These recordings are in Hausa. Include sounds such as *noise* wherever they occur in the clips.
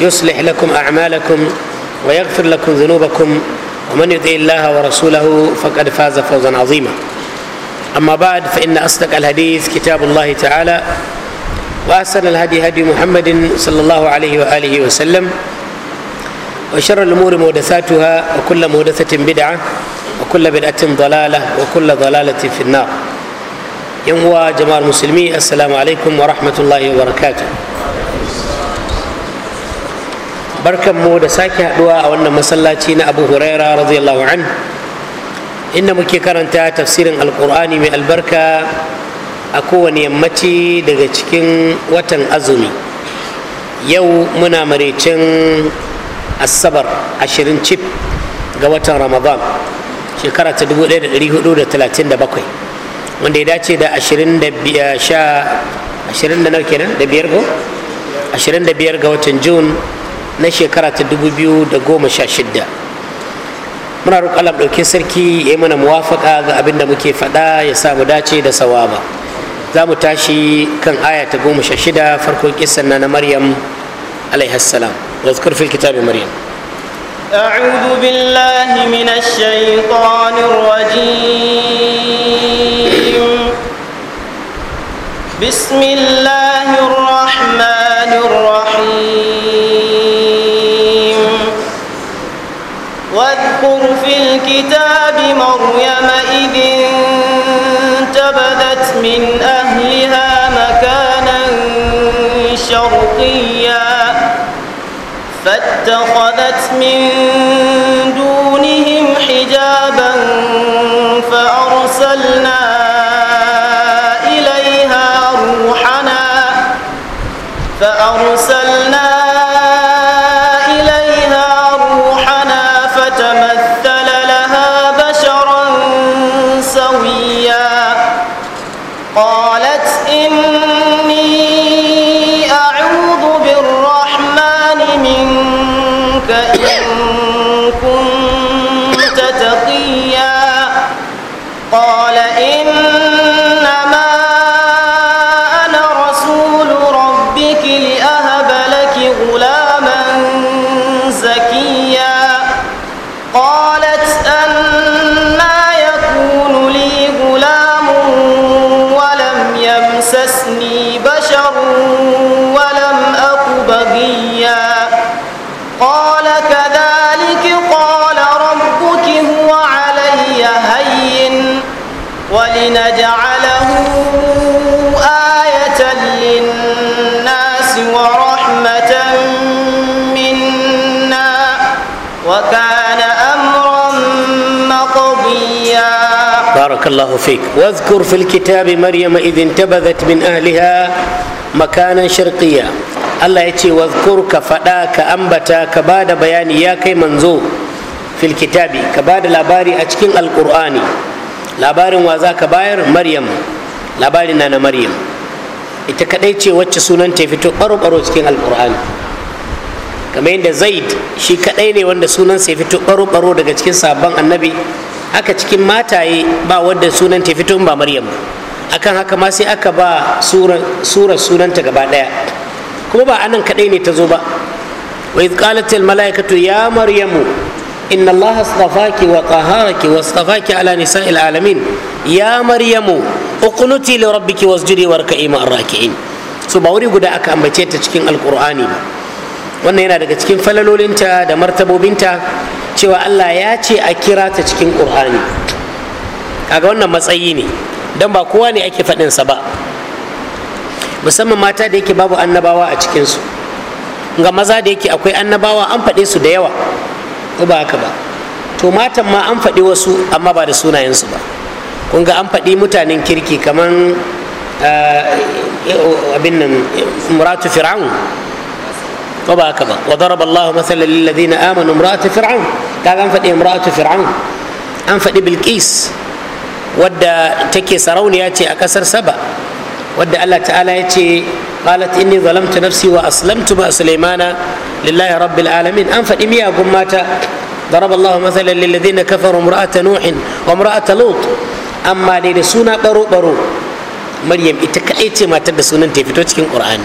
يصلح لكم اعمالكم ويغفر لكم ذنوبكم ومن يطع الله ورسوله فقد فاز فوزا عظيما اما بعد فان اصدق الحديث كتاب الله تعالى واحسن الهدي هدي محمد صلى الله عليه واله وسلم وشر الامور محدثاتها وكل محدثه بدعه وكل بدعه ضلاله وكل ضلاله في النار يوم جمال المسلمين السلام عليكم ورحمه الله وبركاته mu da sake haɗuwa a wannan masallaci na abu huraira radiyallahu an inda muke karanta tafsirin alkur'ani mai albarka a kowane yammaci daga cikin watan azumi yau muna maraicin asabar ashirin cif ga watan ramadan shekara ta 1437 wanda ya dace da 25 da biyar ga watan june na shekara ta 2016 muna roƙon Allah ɗaukin sarki ya mana muwafaka ga abin da muke faɗa ya sa mu dace da sawaba za mu tashi kan aya ta goma sha shida farkon kisan na maryam alaihassalam da zukar fil kitabin maryam أعوذ بالله من الشيطان الرجيم بسم الله الرحمن الكتاب مريم إذ انتبذت من أهلها مكانا شرقيا فاتخذت من دونهم حجابا فأرسلنا إليها روحنا فأرسلنا بارك الله فيك واذكر في الكتاب مريم إذ انتبذت من أهلها مكانا شرقيا الله يتي واذكر كفداك أنبتا كباد بيان ياك منزو في الكتاب كباد لاباري أتكين القرآن لاباري وذاك باير مريم لاباري نانا مريم ita kadai ce wacce sunanta ya fito baro-baro cikin alkur'ani kamar yadda zaid shi kadai ne wanda sunansa ya fito baro-baro daga cikin sabon annabi haka cikin mataye ba wadda sunan ta fito ba maryam ba. akan haka ma sai aka ba sura sunanta gaba daya kuma ba anan kadai ne ta zo ba wa iz qalat al malaikatu ya maryamu inna allah astafaki wa taharaki wa astafaki ala nisa'il alamin ya maryamu uqnuti li rabbiki wasjudi warka'i ma'ar raki'in so ba wuri guda aka ambace ta cikin alqur'ani ba wannan yana daga cikin falalolinta da martabobinta cewa Allah ya ce a kira ta cikin ƙur'ani kaga wannan matsayi ne don ba kowa ne ake faɗinsa ba musamman mata da yake babu annabawa a cikinsu ga maza da yake akwai annabawa an faɗe su da yawa ko ba haka ba to matan ma an faɗi wasu amma ba da sunayensu ba kun ga an faɗi mutanen kirki kamar eh, eh, abin nan muratu fir'aun ko ba haka ba wa daraba Allah masalan lil ladina amanu imra'atu fir'aun an faɗi imra'atu fir'aun an faɗi bilqis wadda take sarauniya ce a ƙasar saba wadda Allah ta'ala ya ce qalat inni zalamtu nafsi wa aslamtu sulaimana lillahi rabbil alamin an faɗi miyagun mata ضرب الله مثلا للذين كفروا امرأة نوح وامرأة لوط أما دي سونا برو برو مريم إتكأيتي ما ta fito cikin القرآن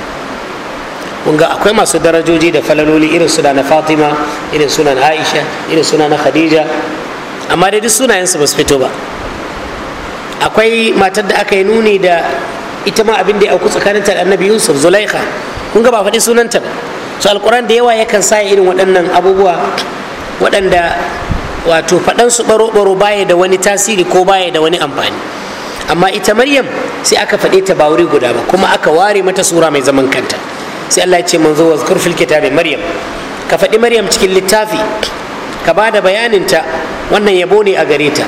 kun ga akwai masu darajoji da falaloli irin suna na fatima irin suna na aisha irin suna na khadija amma dai duk sunayensu ba su fito ba akwai matar da aka yi nuni da ita ma abin da ya auku tsakaninta da annabi yusuf zulaikha kun ga ba faɗi sunanta ba su alkuran da yawa yakan sa irin waɗannan abubuwa waɗanda wato su baro-baro baya da wani tasiri ko baya da wani amfani amma ita maryam sai aka faɗe ta ba wuri guda ba kuma aka ware mata sura mai zaman kanta sai Allah ya ce manzo wa zkur fil kitabi maryam ka faɗi maryam cikin littafi ka ba da ta wannan yabo ne a gare ta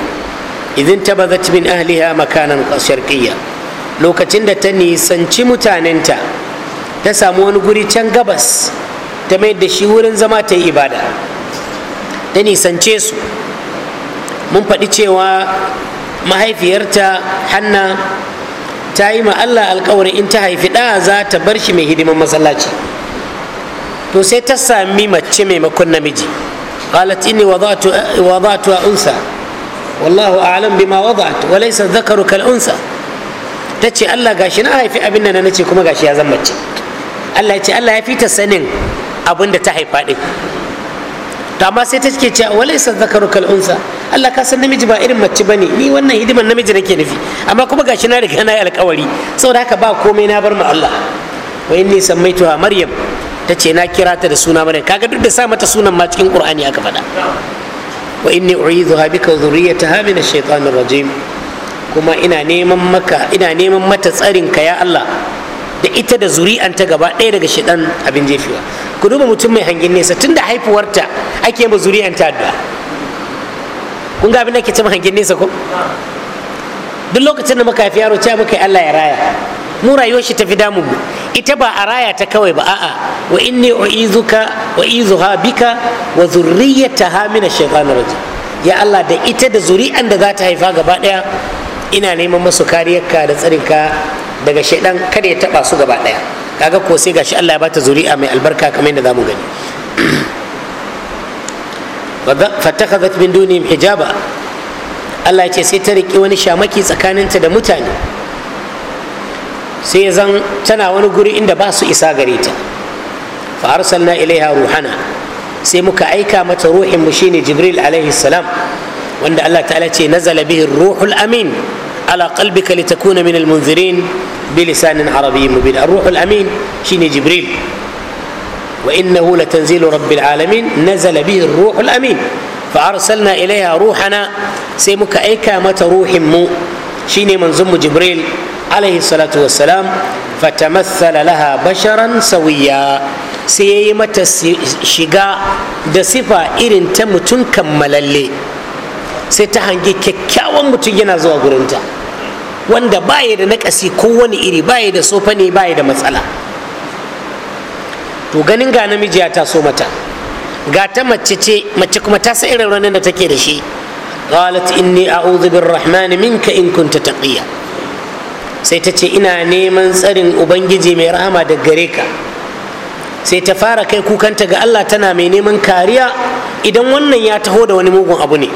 idin tabazat min ahliha makanan sharqiyya lokacin da ta nisanci mutanen ta ta samu wani guri can gabas ta mai da shi wurin zama ta yi ibada ta nisance su mun faɗi cewa mahaifiyarta hanna ta yi ma Allah alkawari in ta haifi ɗa za ta bar shi mai hidiman masallaci to sai ta sami mace maimakon namiji qalat inni wadatu unsa wallahu a'lam bima wadat wa laysa dhakaru kal unsa tace Allah gashi na haifi abin nan nace kuma gashi ya zama mace Allah ya ce Allah ya fita sanin abin da ta haifa din to amma sai ta ce wa laysa dhakaru kal unsa Allah ka san namiji ba irin mace bane ni wannan hidiman namiji nake nufi amma kuma gashi na riga na yi alkawari saboda haka ba komai na bar ma Allah wa inni sammaituha maryam tace na kira ta da suna maryam kaga duk da sa mata sunan ma cikin qur'ani aka faɗa wa inni u'idhuha bika dhurriyyataha min ash-shaytanir rajim kuma ina neman maka ina neman mata tsarin kaya ya Allah da ita da zuri'anta gaba ɗaya daga shaitan abin jefiwa. ku duba mutum mai hangin nesa tunda haifuwarta ake ma zuri'anta addu'a kun ga abin da ke ce hangen nesa ko duk lokacin da muka haifi yaro cewa muka yi Allah ya raya mu rayuwar shi fi damu ita ba a raya ta kawai ba a'a wa inni u'izuka wa izuha bika wa zurriyyataha min ash-shaytanir rajim ya Allah da ita da zuri'an da za ta haifa gaba daya ina neman masu kariyarka da tsarinka daga shaidan kada ya taba su gaba daya kaga ko sai gashi Allah ya bata zuri'a mai albarka kamar yadda zamu gani fatakhadhat min dunihim hijaba Allah ya ce sai ta riki wani shamaki tsakaninta da mutane sai zan tana wani guri inda ba su isa gare ta fa arsalna ilaiha ruhana sai muka aika mata ruhin mu shine jibril alaihi salam wanda Allah ta'ala ce nazala bihi ruhul amin ala qalbika litakuna min almunzirin bi lisanin arabiyyin mubin ar-ruhul amin shine jibril وإنه لتنزيل رب العالمين نزل به الروح الأمين فأرسلنا إليها روحنا سيمك أيكا مت روح مو شيني زم جبريل عليه الصلاة والسلام فتمثل لها بشرا سويا sai ya yi mata shiga da sifa irin ta mutum kammalalle sai ta hangi kyakkyawan mutum yana zuwa gurinta wanda baya da nakasi ko wani iri baya da sofa ne baya da matsala to ganin ga namiji ya taso mata ga ta mace ce mace kuma ta san irin ranar da take da shi qalat inni a'udhu birrahmani minka in kunta taqiya sai ta ce ina neman tsarin ubangiji mai rahama da gare ka sai ta fara kai kukanta ga Allah tana mai neman kariya idan wannan ya taho da wani mugun abu ne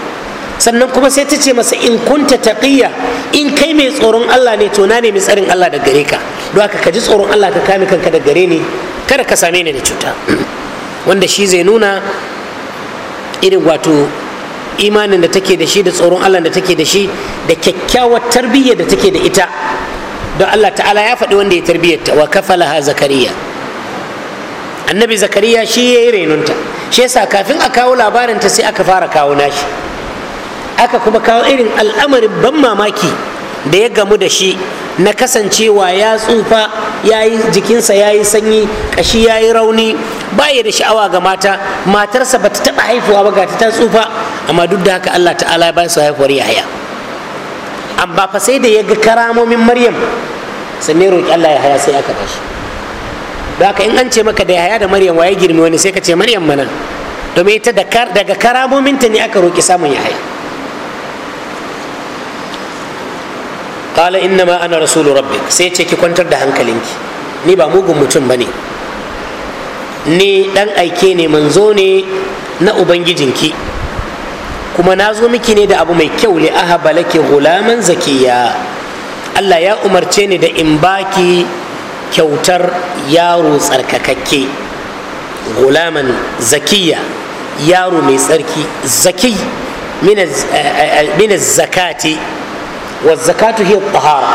sannan kuma sai ta ce masa in kunta taqiya in kai mai tsoron Allah ne to na nemi tsarin Allah da gare ka don haka ka ji tsoron Allah ka kame kanka da gare ni kada ka same ni da cuta wanda shi zai nuna irin wato imanin da take da shi da tsoron allah da take da shi da kyakkyawar tarbiyyar da take da ita don allah ta'ala ya faɗi wanda ya tarbiyyarta wa kafalaha zakariya annabi zakariya shi ya yi renunta shi yasa kafin a kawo labarinta sai aka fara kawo nashi aka kuma kawo irin al'amarin ban mamaki da ya gamu da shi na kasancewa ya tsufa yi jikinsa ya yi sanyi ƙashi ya yi rauni baya da sha'awa ga mata matarsa ba ta taɓa haifuwa ba ga ta tsufa amma duk da haka allah ta'ala ya ba su haifuwar yaya amma fa sai da ya ga karamomin maryam sannan roƙi allah ya haya sai aka bashi da haka in an ce maka da yaya da maryam waye girmi wani sai ka ce maryam mana domin ita daga karamominta ne aka roƙi samun haya qala inna ma ana rasulu rabbik sai ce ki kwantar da hankalinki ni ba mugun mutum bane ni dan aike ne manzo ne na ubangijinki kuma na zo miki ne da abu mai kyau li ahaba laki gulaman zakiya Allah ya umarce ni da in baki kyautar yaro tsarkakakke gulaman zakiya yaro mai tsarki zaki min eh, eh, eh, zakati wa zakatu hiya tahara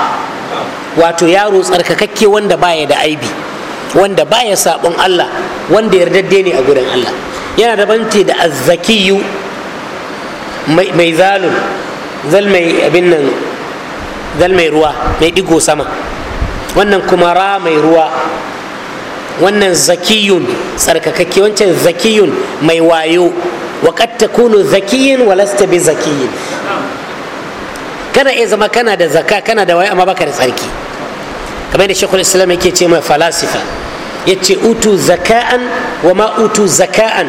wato yaro tsarkakakke wanda baya da aibi wanda baya sabon Allah wanda yardadde ne a gurin Allah yana da banti da azzakiyu mai zalun zal mai abin nan zal mai ruwa mai digo sama wannan kuma ra mai ruwa wannan zakiyun tsarkakakke wancan zakiyun mai wayo wa kad takunu zakiyin wa lasta bi zakiyin kana iya zama kana da zaka kana da waye amma baka da tsarki kamar da shekul islam yake ce mai falasifa Ya ce utu zaka'an wa ma utu zaka'an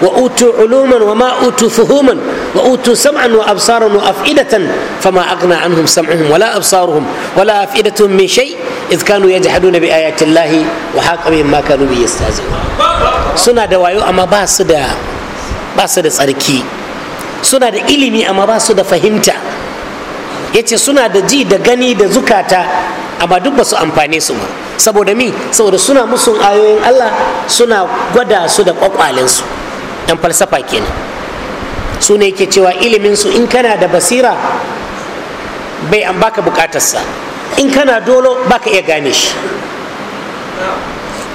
wa utu uluman wa ma utu fuhuman wa utu sam'an wa absaran wa af'idatan ma aghna anhum sam'uhum wala absaruhum wala af'idatuhum min shay idh kanu yajhaduna bi ayati llahi wa haqa bihim ma kanu bi suna da wayo amma ba su da ba su da tsarki suna da ilimi amma ba su da fahimta ya ce suna da ji da gani da zukata amma duk ba su amfane su ba saboda mi saboda suna musun ayoyin allah suna gwada su da kwakwalensu yan falsafa kenan su ne ke cewa iliminsu in kana da basira bai an baka bukatarsa in kana dolo baka iya gane shi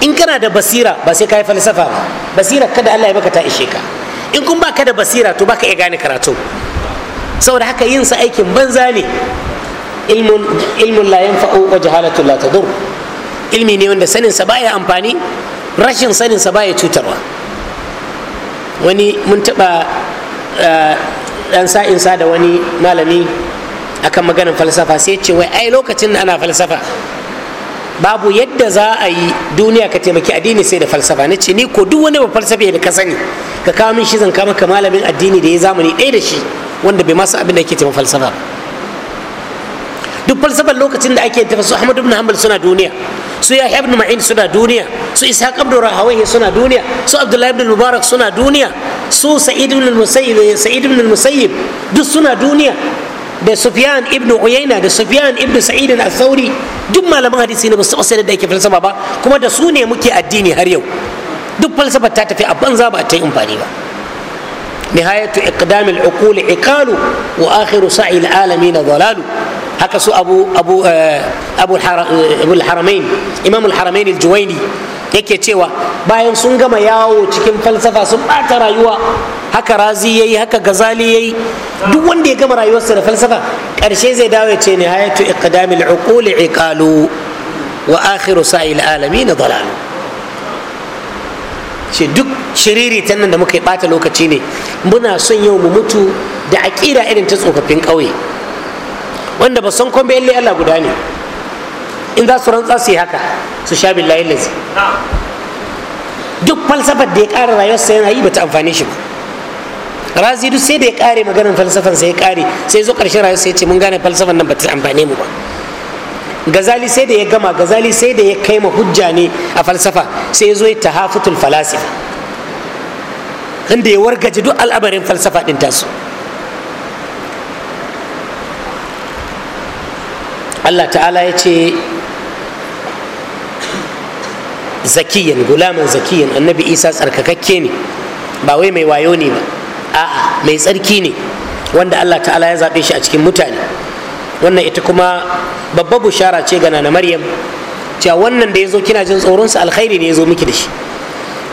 in kana da basira ba sai ka yi falsafa ba basira kada allah ya baka ta ishe ka in kun baka da basira to baka iya gane karatu saboda haka yin sa aikin banza ne ilmin layin yan fa'o wa jahalatu la tadur ilmi ne wanda sanin sa baya amfani rashin sanin sa baya cutarwa wani mun taba dan eh, sa'in sa da wani malami akan maganar falsafa sai ce wai ai lokacin da ana falsafa babu yadda za a yi duniya ka taimaki addini sai da falsafa na ce ni ko duk wani ba falsafe da ka sani ka kawo min shi zan kama ka malamin addini da ya zamani ɗaya da shi wanda bai masu abin da yake taimaka falsafa duk falsafar lokacin da ake tafa su Ahmadu ibn Hanbal suna duniya su Yahya ibn Ma'in suna duniya su Ishaq ibn Rahawayh suna duniya su Abdullah ibn Mubarak suna duniya su Sa'id ibn Musayyib Sa'id ibn Musayyib duk suna duniya da sufyan ibn uyayna da sufyan ibn sa'id al-thawri duk malaman hadisi ne ba su sanar da yake falsafa ba kuma da su ne muke addini har yau duk falsafa ta tafi a banza ba ta yi amfani ba nihayatu iqdam al-uqul iqalu wa akhiru sa'i al-alamin dhalalu haka su abu abu eh, eh, abu al-haramain imam al-haramain al-juwayni yake cewa bayan sun gama yawo cikin falsafa sun ɓata rayuwa haka razi ya yi haka gazali ya yi duk wanda ya gama rayuwarsa da falsafa ƙarshe zai dawo ya ce ne hayatu iqdamil uquli iqalu wa akhiru sa'il alamin dalalu duk shiriri ta nan da muka yi bata lokaci ne muna son yau mu mutu da aƙida irin ta tsofaffin ƙauye wanda ba san kwambe Allah guda ne in za su rantsa su yi haka su sha billahi lazi duk falsafar da ya ƙara rayuwarsa yana yi bata amfane shi ba razi duk sai da ya ƙare maganar falsafar sai ya ƙare sai zo ƙarshen rayuwarsa ya ce mun gane falsafan nan bata amfane mu ba gazali sai da ya gama gazali sai da ya kai ma hujja ne a falsafa sai ya zo ya tahafutul falasifa inda ya wargaje duk al'amarin falsafa ɗin tasu Allah ta'ala ya ce zakiyan gulaman zakiyan annabi isa tsarkakakke ne ba wai mai wayo ne ba a'a mai tsarki ne wanda allah ta'ala ya zaɓe shi a cikin mutane wannan ita kuma babbar bushara ce ga nana maryam cewa wannan da ya zo kina jin tsoronsa alkhairi ne ya zo miki da shi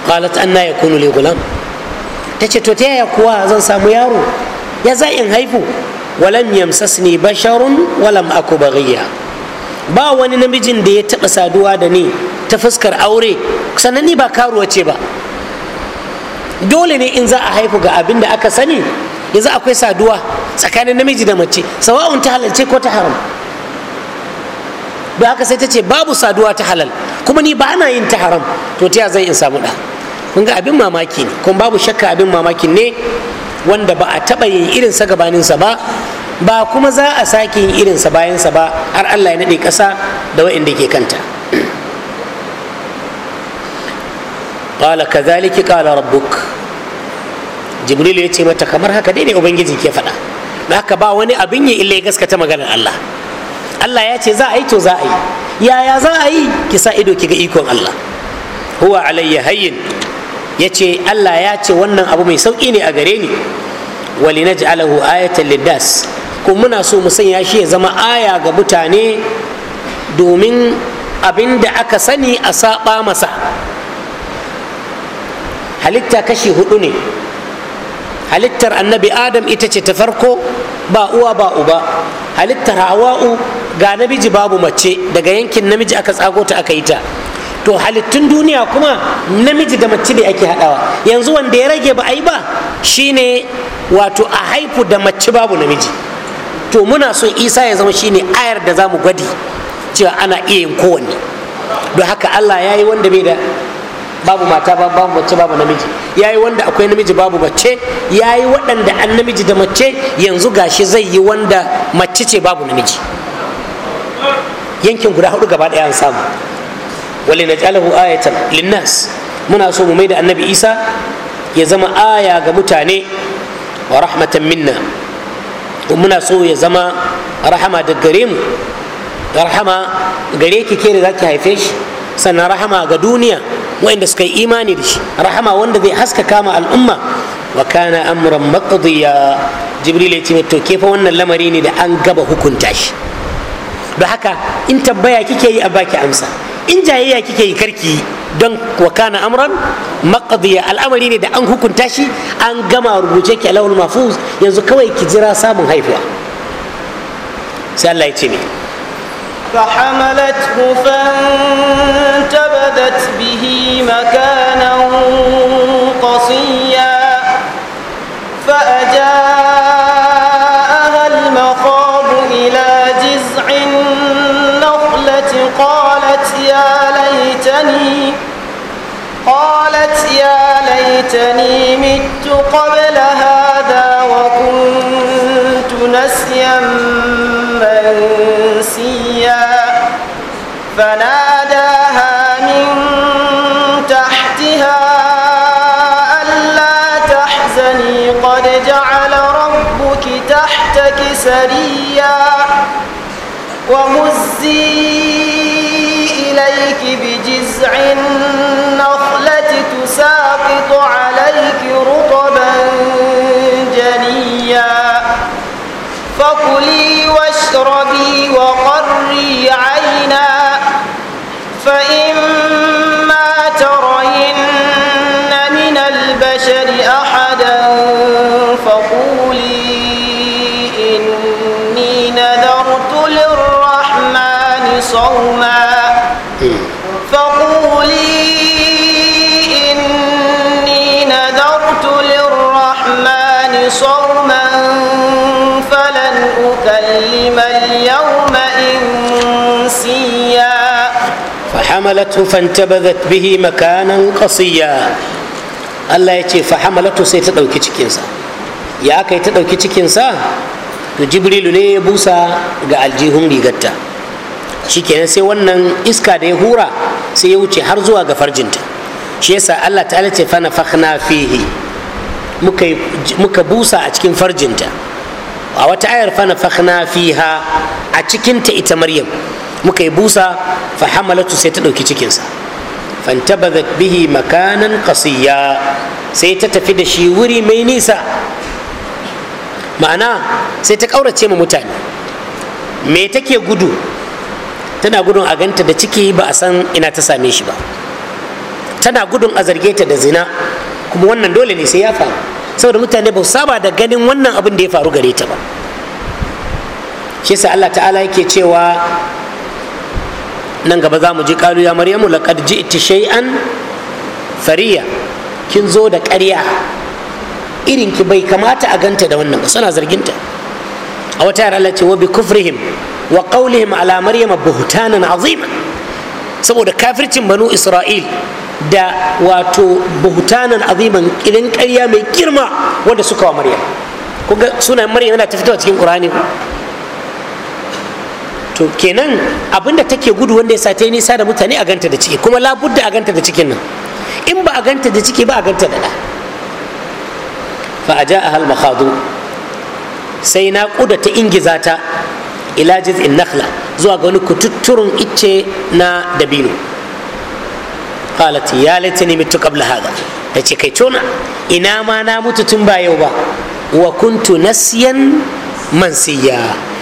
qalat anna yakunu li gulam ta ce to ta yaya kuwa zan samu yaro ya za in haifu walam yamsasni basharun walam aku baghiya ba wani namijin da ya taɓa saduwa da ni ta fuskar aure sannan ni ba karuwa ce ba dole ne in za a haifu ga abin da aka sani yanzu akwai saduwa tsakanin namiji da mace sawa'un ta halalce ko ta haram da aka sai ta ce babu saduwa ta halal kuma ni ba ana yin ta haram to ta zai in samu ɗa kun ga abin mamaki ne kuma babu shakka abin mamaki ne wanda ba a taɓa yin irinsa gabaninsa ba ba kuma za a sake yin irinsa bayansa ba har allah ya naɗe ƙasa da waɗanda ke kanta ƙala ka zaliki ƙala rabbuk jibril ya ce mata kamar haka dai ubangiji ke faɗa da haka ba wani abin yi illa ya gaskata maganar allah allah ya ce za a yi to za a yi yaya za a yi ki sa ido ki ga ikon allah huwa alayya hayyin ya ce allah ya ce wannan abu mai sauƙi ne a gare ni ولنجعله آية للناس ko muna so mu sanya shi ya zama aya ga mutane domin abin da aka sani a saba masa halitta kashi hudu ne halittar annabi adam ita ce ta farko ba uwa ba uba halittar hawa'u ga namiji babu mace daga yankin namiji aka tsago ta aka yi ta to halittun duniya kuma namiji da mace ne ake haɗawa yanzu wanda ya rage ba a yi ba shine wato a haifu da mace babu namiji to muna so isa ya zama shine ayar da za mu gwadi cewa ana iya yin kowanne don haka allah ya yi wanda bai da babu mata babu mace babu namiji ya yi wanda akwai namiji babu mace ya yi waɗanda an namiji da mace yanzu gashi zai yi wanda mace ce babu namiji yankin guda hudu gaba ɗaya an samu wale na jalahu ayatan linnas muna so mu mai da annabi isa ya zama aya ga mutane wa rahmatan minna muna so ya zama rahama da gare mu rahama gare ki ke da zaki haife shi sannan rahama ga duniya wa'inda suka yi imani da shi rahama wanda zai haska kama al'umma wa kana amran maqdiya jibril ya ce to kefa wannan lamari ne da an gaba hukunta shi da haka in tabbaya kike yi a baki amsa in jayayya kike yi karki don wa na amran maqdiya al'amari ne da an hukunta shi an gama rubuce ki alawul mafuz yanzu kawai ki jira samun haihuwa sai Allah ya ce ne فحملته فانتبذت به ليتني قالت يا ليتني مت قبل هذا وكنت نسيا منسيا فناداها من تحتها ألا تحزني قد جعل ربك تحتك سريا ومزي جذع النخلة تساقط عليك رطبا جنيا فكلي واشربي وقري فحملته فانتبذت به مكانا قصيا الله يتي فحملته سيتدوكي cikinsa ya aka ta ɗauki cikinsa to jibrilu ne ya busa ga aljihun rigarta shikenan sai wannan iska da ya hura sai ya wuce har zuwa ga farjinta shi yasa Allah ta'ala ce fana fakhna fihi muka muka busa a cikin farjinta a wata ayar fana fakhna fiha a cikinta ita maryam muka yi busa fa hamalatu sai ta ɗauki cikinsa fantabadat bihi makanan kasiya sai ta tafi da shi wuri mai nisa ma'ana sai ta ƙaurace ma mutane me take gudu tana gudun a ganta da ciki ba a san ina ta same shi ba tana gudun a zarge ta da zina kuma wannan dole ne sai ya faru saboda mutane ba saba da ganin wannan abin da ya faru gare ta ba shi sa Allah ta'ala yake cewa nan gaba za mu ji kalu ya maryamu laqad ji'ti shay'an fariya kin zo da ƙarya irin ki bai kamata a ganta da wannan ba suna zarginta a wata yara Allah ce wa bi kufrihim wa qawlihim ala maryama buhtanan azima saboda kafircin banu isra'il da wato buhtanan aziman irin ƙarya mai girma wanda suka wa maryam kuga sunan maryam yana ta fitowa cikin qur'ani to kenan abinda take gudu wanda ya sata yi nisa da mutane a ganta da ciki kuma labudda a ganta da cikin nan in ba a ganta da ciki ba a ganta da da fa a ja'a hal makhadu sai na kuda ta ingiza ta ila in nakhla zuwa ga wani kututturun icce na dabino qalat ya laitani mitu qabla hada ta ce kai tona ina ma na mutu tun ba yau ba wa kuntu nasiyan mansiya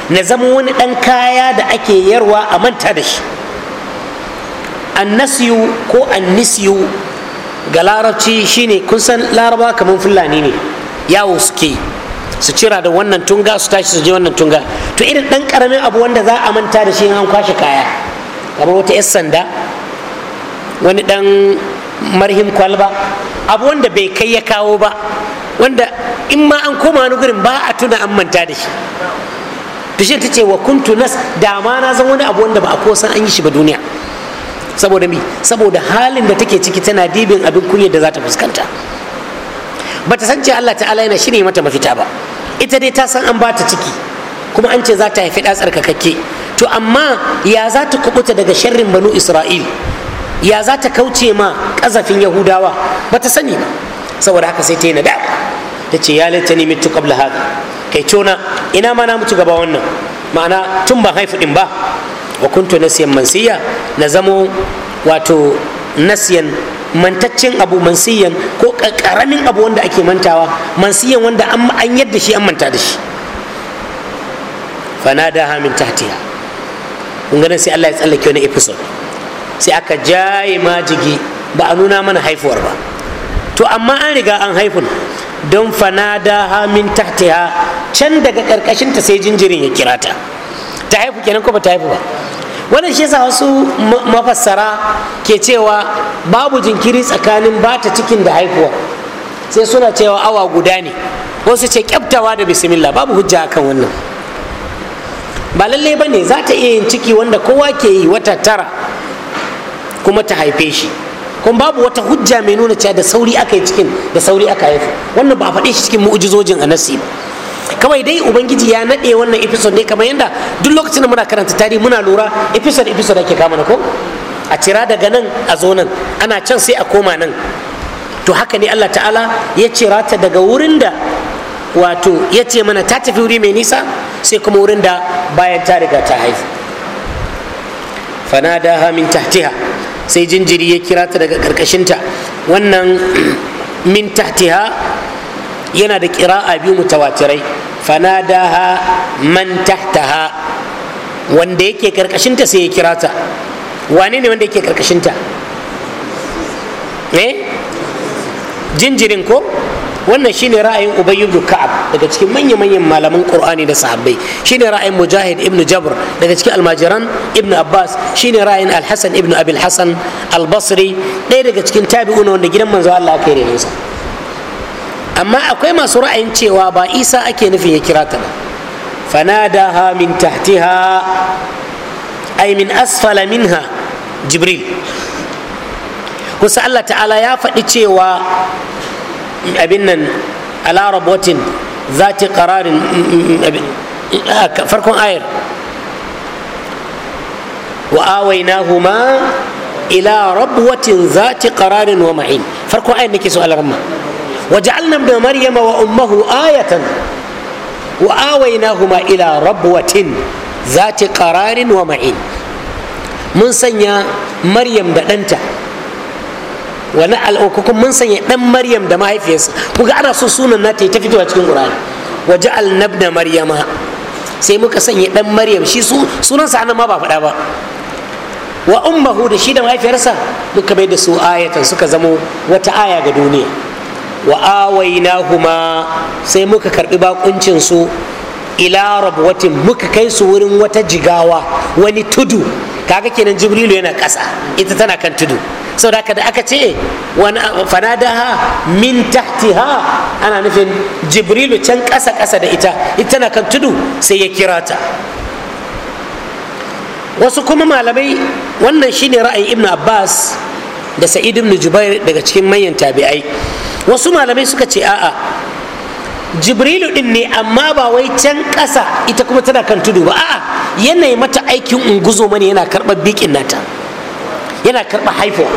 na zama wani ɗan kaya da ake yarwa a manta da shi annasiyu ko annisiyu ga larabci shine kun san laraba kamar fulani ne yawo suke su cira da wannan tunga su tashi su je wannan tunga to irin ɗan ƙaramin abu wanda za a manta da shi an kwashe kaya kamar wata 'yan sanda wani ɗan marhim kwalba abu wanda bai kai ya kawo ba wanda in ma an koma wani gurin ba a tuna an manta da shi ta ta ce wa kuntu nas dama na zan wani abu wanda ba a ko san an yi shi ba duniya saboda mi saboda halin da take ciki tana dibin abin kunya da za ta fuskanta ba ta san ce Allah ta'ala yana shirye mata mafita ba ita dai ta san an ba ta ciki kuma an ce za ta haifi ɗa tsarkakakke to amma ya za ta kubuta daga sharrin banu isra'il ya za ta kauce ma ƙazafin yahudawa ba ta sani ba saboda haka sai ta yi da ta ce ya laita ni mitu qabla haka kai cona ina ma mutu gaba wannan ma'ana tun ban haifu din ba wa kunto nasiyan mansiya na zamo wato nasiyan mantaccen abu mansiyan ko ƙaramin abu wanda ake mantawa mansiyan wanda an yadda shi an manta da shi fanadaha min tahtiha kun ganin sai Allah ya tsallake wani episode sai aka jaye majigi ba a nuna mana haifuwar ba to amma an riga an haifun don fanada hamin tahtiha can daga karkashin ta sai jinjirin ya kira ta ta haifu kenan ko ba ta haifu ba wannan shi yasa wasu mafassara ke cewa babu jinkiri tsakanin bata cikin da haifuwa sai suna cewa awa guda ne wasu ce kyaftawa da bismillah babu hujja akan wannan ba lallai ba ne za ta iya yin ciki wanda kowa ke yi wata tara kuma ta haife shi kun babu wata hujja mai nuna cewa da sauri aka yi cikin da sauri aka haifa wannan ba a faɗe shi cikin mu'ujizojin nasi ba kawai dai ubangiji ya naɗe wannan episode ne kamar yadda duk lokacin da muna karanta tarihi muna lura episode episode ake kama na ko a cira daga nan a zo nan ana can sai a koma nan to haka ne allah ta'ala ya cira ta daga wurin da wato ya ce mana ta tafi wuri mai nisa sai kuma wurin da bayan ta riga ta haifu fanadaha min tahtiha sai jinjiri ya kira ta daga karkashinta wannan *clears throat* min tahtiha yana da kira'a biyu mutawatirai fanadaha man tahtaha wanda yake karkashinta sai ya kira ta wane ne wanda yake karkashinta eh jinjirin ko wannan shine ra'ayin ubay ibn ka'ab daga cikin manya-manyan malaman qur'ani da sahabbai shine ra'ayin mujahid ibn jabr daga cikin almajiran ibn abbas shine ra'ayin al-hasan ibn abi al-hasan al-basri ɗaya daga cikin tabi'una wanda gidan manzo Allah aka yi renansa amma akwai masu ra'ayin cewa ba isa ake nufin ya kira ta ba fanadaha min tahtiha ay min asfala minha jibril kusa Allah ta'ala ya faɗi cewa abin nan ala rabotin zati qararin farkon ayar wa awainahuma ila rabwatin zati kararin wa ma'in farkon ayar nake so alarma wa ja'alna ibn maryama wa ummuhu ayatan wa awainahuma ila rabwatin zati kararin wa ma'in mun sanya maryam da ɗanta wani al'ukukun mun sanya ɗan maryam da mahaifiyarsa kuga ana so sunan nata ta fitowa cikin ƙur'ani. waje da maryama sai muka sanya ɗan maryam shi su sa anan ma ba faɗa ba wa ummahu da shi da mahaifiyarsa muka bai da su ayatan suka zamo wata aya ga duniya wa awainahuma sai muka karbi bakuncin su ila rabwatin muka kai su wurin wata jigawa wani tudu kaga kenan jibrilu yana ƙasa ita tana kan tudu saboda da aka ce fanadaha min tahtiha ana nufin jibrilu can kasa kasa da ita ita na kan tudu sai ya kira ta wasu kuma malamai wannan shine ra'ayin ibn abbas da sa'id ibn jubair daga cikin manyan tabi'ai wasu malamai suka ce a'a jibrilu din ne amma ba wai can ƙasa ita kuma tana kan tudu ba a'a yanayi mata aikin unguzo mani yana karɓar bikin nata yana karɓa haifuwa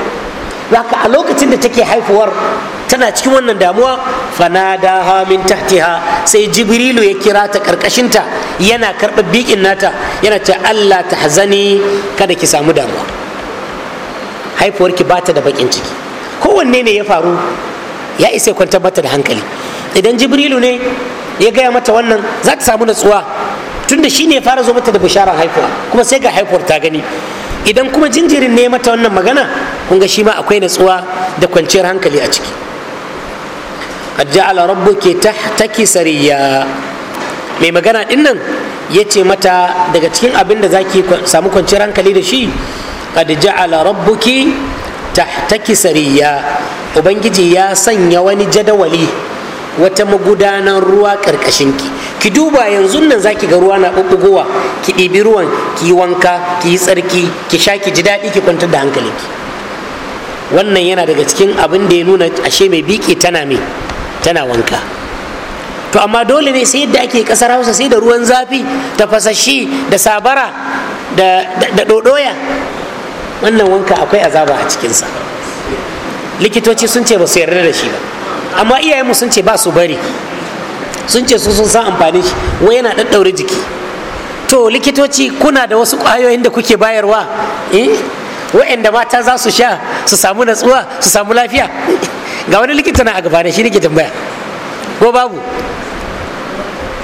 haka a lokacin da take haifuwar tana cikin wannan damuwa fanadaha min tahtiha sai jibrilu ya kira ta karkashinta yana karɓar bikin nata yana ce allah ta hazani kada ki samu damuwa haifuwar ki bata da bakin ciki kowanne ne ya faru ya isa kwantar bata da hankali idan jibrilu ne ya gaya mata wannan za ta samu natsuwa tunda shi ne ya fara zo mata da bisharar haifuwa kuma sai ga haifuwar ta gani idan kuma jinjirin ne mata wannan magana kun ga shi ma akwai natsuwa da kwanciyar hankali a ciki ja'ala rabbuki tahtaki sariya mai magana din nan ya ce mata daga cikin abin da zaki samu kwanciyar hankali da shi qad ja'ala rabbuki tahtaki sariya ubangiji ya sanya wani jadawali wata magudanar ruwa karkashin ki ki duba yanzu nan zaki ga ruwa na bubbugowa ki ɗibi ruwan ki wanka ki yi tsarki ki sha ki ji daɗi ki kwantar da hankalinki wannan yana daga cikin abin da ya nuna ashe mai biki tana me tana wanka to amma dole ne sai yadda ake ƙasar hausa sai da ruwan zafi ta fasashi da sabara da dodoya wannan wanka akwai azaba a cikinsa likitoci sun ce ba su yarda da shi ba amma iyayenmu sun ce ba su bari sun ce su sun san amfani shi wai yana ɗaɗɗaure jiki to likitoci kuna da wasu ƙwayoyin da kuke bayarwa eh wa'anda mata za su sha su samu natsuwa su samu lafiya ga wani likita na a gaba da shi nake tambaya ko babu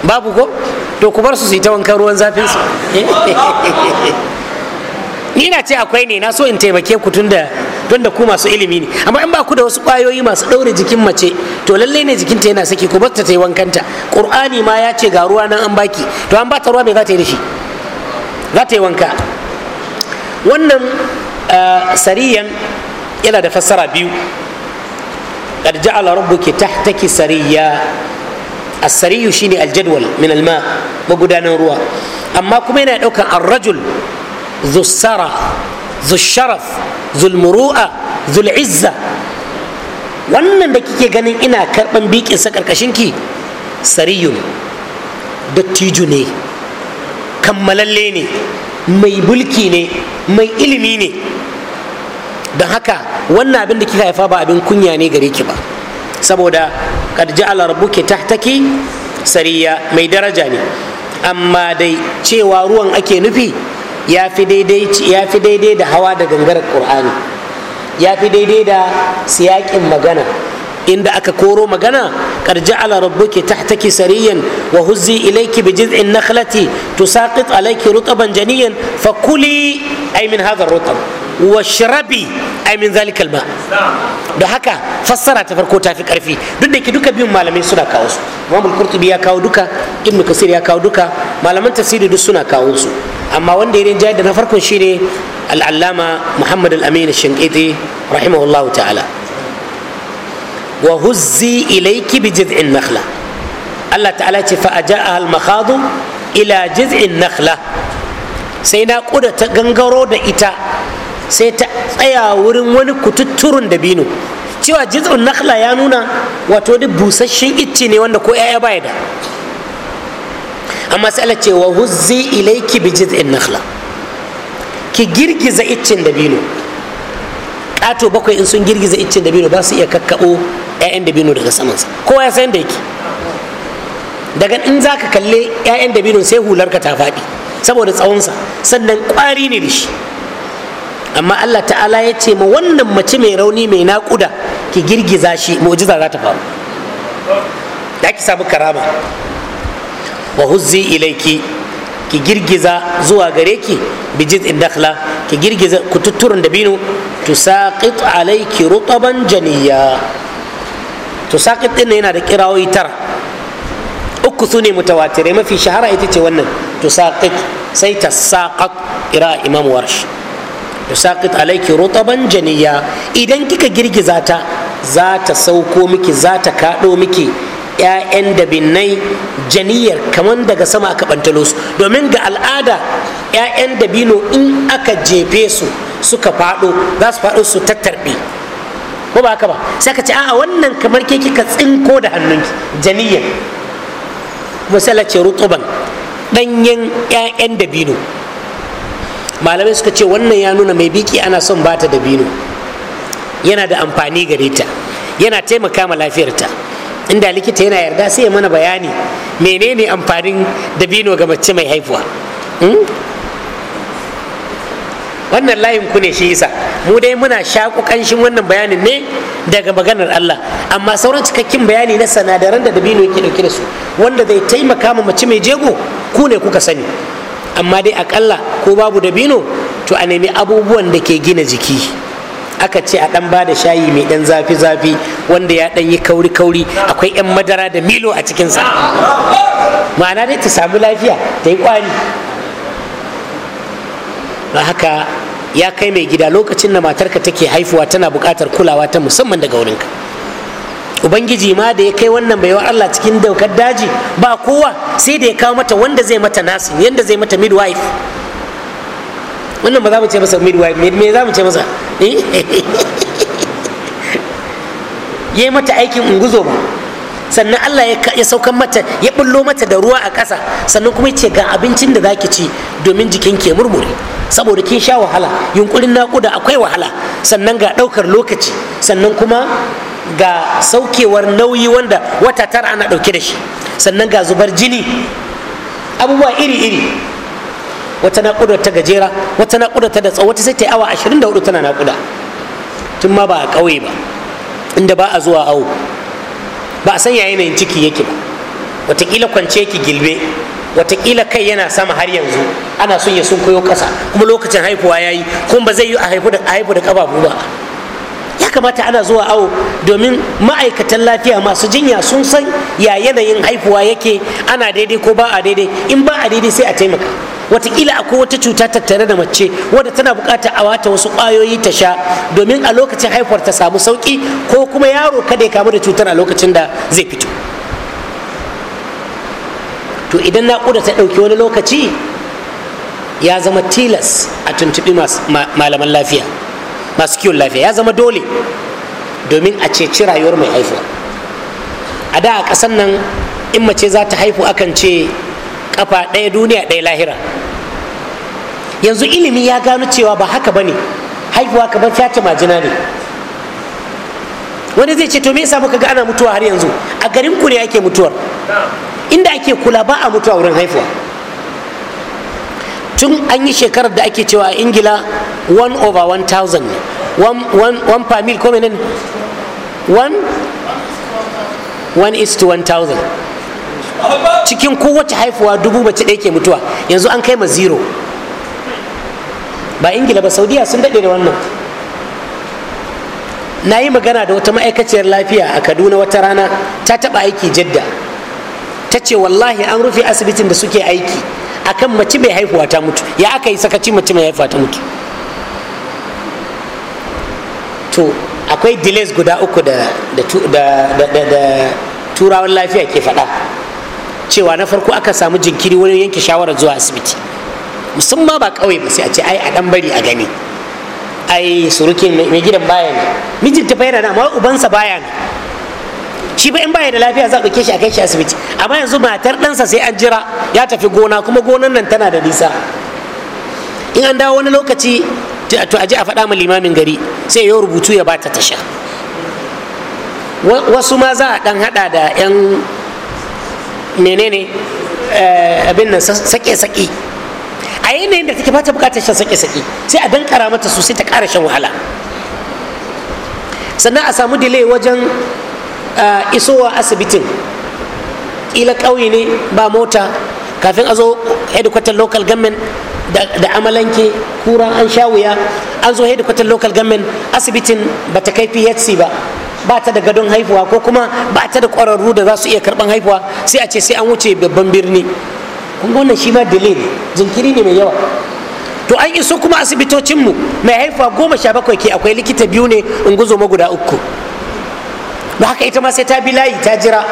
babu ko to ku bar su su yi ta ruwan zafin su eh? *laughs* ni na ce akwai ne na so in taimake ku tun da don da ku masu ilimi ne amma in ba ku da wasu ƙwayoyi masu ɗaure jikin mace to lallai ne jikinta yana saki ku bata ta yi wankanta ƙur'ani ma ya ce ga ruwa nan an baki to an bata ruwa me za ta yi da shi za ta yi wanka wannan eh, sariyan yana da fassara biyu قد جعل ربك تحتك سريا السري شيني الجدول من الماء مقدان ruwa amma kuma yana ɗaukan الرجل ذو السرى ذو الشرف ذو المروءه ذو العزه wannan da kike ganin ina karban bikin sa karkashin ki sariyun dattijo ne kammalalle ne mai bulki ne mai ilimi ne don haka wannan abin da kika haifa ba abin kunya ne gare ki ba saboda kad ja'ala rabbuki tahtaki sariya mai daraja ne amma dai cewa ruwan ake nufi ya fi daidai da hawa da gangarar ƙur'ani ya fi daidai da siyaƙin magana inda aka koro magana ƙarji ala rabbuki tahtaki sariyan wa huzzi ilayki bi jiz'in nakhlati tusaqit alayki rutaban janiyan fakuli ay min hadha rutab wa shirabi ay min da haka fassara ta farko ta fi karfi duk da ke duka biyun malamai suna kawo su Imam Qurtubi ya kawo duka Ibn Kasir ya kawo duka malaman tafsiri duk suna kawo su amma wanda ya rinjaye da na farkon shine al-Allama Muhammad al-Amin shinqiti rahimahullahu ta'ala wa huzzi ilayki bi jiz'in nakhla Allah ta'ala ce fa aja'aha al-makhadu ila jiz'in nakhla sai na kuda ta gangaro da ita sai ta tsaya wurin wani kututturun dabino cewa jiz'un nakhla ya nuna wato duk busasshen icce ne wanda ko 'ya'ya baya da amma sai ce wa huzzi ilaiki bi jiz'in nakhla ki girgiza da dabino ƙato bakwai in sun girgiza da dabino ba su iya kakkaɓo 'ya'yan dabino daga samansa kowa ya san da yake daga in za ka kalle 'ya'yan dabino sai hularka ta faɗi saboda tsawonsa sannan kwari ne da shi amma Allah ta'ala ya ce ma wannan mace mai rauni mai naƙuda ki girgiza shi mu'jiza za ta faru da ki samu karama wa huzzi ilaiki ki girgiza zuwa gare ki bijiz idakhla ki girgiza kututturin dabino tusaqit alaiki rutaban janiya tusaqit din yana da kirawoyi tara uku sune ne mutawatirai mafi shahara ita ce wannan tusaqit sai tasaqat ira imam warshi yusaqit alayki rutaban janiya idan kika girgiza ta za ta sauko miki za ta kaɗo miki ‘ya'yan da binnai janiyar kaman daga sama aka bantalo su domin ga al'ada ‘ya'yan dabino in aka jefe su suka faɗo za su faɗo su tattarbe ko ba haka ba sai ka ce a'a wannan kamar ke kika tsinko da hannunki janiyar kuma sai ce rutuban ɗanyen ‘ya'yan dabino malamai suka ce wannan ya nuna mai biki ana son bata dabino yana da amfani gare ta yana taimaka ma lafiyarta inda likita yana yarda sai ya mana bayani menene amfanin dabino ga mace mai haifuwa hmm? wannan layin ku ne shi isa mu dai muna shaƙu kanshin wannan bayanin ne daga maganar Allah amma sauran cikakken bayani na sanadaran da dabino yake dauke da su wanda zai taimaka ma mace mai jego ku ne kuka sani amma dai akalla ko babu dabino to a nemi abubuwan da ke gina jiki aka ce a dan ba da shayi mai dan zafi zafi wanda ya dan yi kauri kauri akwai yan madara da milo a cikinsa ma'ana dai ta samu lafiya ta yi kwari don haka ya kai mai gida lokacin da matarka take haifuwa tana bukatar kulawa ta musamman daga wurinka ubangiji ma da ya kai wannan baiwa allah cikin daukar daji ba kowa sai da ya kawo mata wanda zai mata nasu yadda zai mata midwife wannan ba za mu ce masa midwife me za mu ce masa eh? *laughs* ya yi mata aikin unguzo ba sannan allah ya saukan mata ya bullo mata da ruwa a ƙasa sannan kuma ce ga abincin da zaki ci domin jikin ke murmure saboda kin sha wahala yunkurin naƙuda akwai wahala sannan ga ɗaukar lokaci sannan kuma ga saukewar nauyi wanda wata tara ana ɗauke da shi sannan ga zubar jini abubuwa iri-iri wata naƙuda ta gajera wata naƙuda ta da wata sai ta yi awa 24 tana naƙuda tun ma ba a ƙauye ba inda ba a zuwa awo ba a sanya yanayin ciki yake ba watakila kwance yake gilbe watakila kai yana sama har yanzu ana son ya sun koyo ƙasa kuma lokacin haifuwa ya yi kuma ba zai yi a haifu da ƙafafu ba ya kamata ana zuwa awo domin ma'aikatan lafiya masu jinya sun san ya yanayin haifuwa yake ana daidai ko ba a daidai in ba a daidai sai a taimaka watakila akwai wata cuta tattare da mace wadda tana buƙatar a wata wasu kwayoyi ta sha domin a lokacin haifar ta samu sauƙi ko kuma yaro kada ya kamu da cutar a lokacin da zai fito to idan naƙuda ta ɗauki wani lokaci ya zama tilas a tuntuɓi malaman lafiya masu kiwon lafiya ya zama dole domin a ceci rayuwar mai haifuwa a da a ƙasan nan in mace za ta haifu akan ce kafa ɗaya duniya ɗaya lahira yanzu ilimi ya gano cewa ba haka ba ne haifuwa ban fyace majina ne wani zai ce to me yasa muka ga ana mutuwa har yanzu a garin ku ne ake mutuwar inda ake kula ba a mutuwa wurin haifuwa tun an yi shekarar da ake cewa a ingila 1 over 1000 ne 1 per mil ko menene 1 1 is to 1000 cikin kowace haifuwa dubu mace ɗaya ke mutuwa yanzu an kai ma zero ba ingila ba saudiya sun daɗe da wannan na yi magana da wata ma'aikaciyar lafiya a kaduna wata rana ta taɓa aiki jadda ta ce wallahi an rufe asibitin da suke aiki akan mace mai haihuwa ta mutu ya aka yi sakaci mace mai haihuwa ta mutu to akwai delays guda uku da turawan lafiya ke faɗa cewa na farko aka samu jinkiri wurin yanke shawarar zuwa asibiti musamman ba kawai ba sai a ce ai a dan bari a gani ai surukin mai gidan baya ne mijinta fa yana na amma ubansa baya ne shi ba in baya da lafiya za ka ɗauke shi a kai shi asibiti amma yanzu matar ɗansa sai an jira ya tafi gona kuma gonan nan tana da nisa in an dawo wani lokaci to aje a faɗa ma limamin gari sai ya rubutu ya bata tasha wasu ma za a ɗan haɗa da 'yan menene eh, abin nan sake-sake a yanayin da take bata bukatar shan sake-sake sai a dankara mata sosai ta ƙara shan wahala sannan a samu delay wajen Ah, isowa asibitin ila ƙauye ne ba mota kafin a zo headquarter local government da amalanke kura an sha wuya an zo headquarter local government asibitin ba ta kai phc ba ba ta da gadon haifuwa ko kuma ba ta da ƙwararru da za su iya karɓan haifuwa sai a ce sai an wuce babban birni kun wannan shi ma delay jinkiri ne mai yawa to an iso kuma asibitocinmu mai haifuwa goma sha bakwai ke akwai likita biyu ne in guzo maguda uku da haka ita ma sai ta bi layi ta jira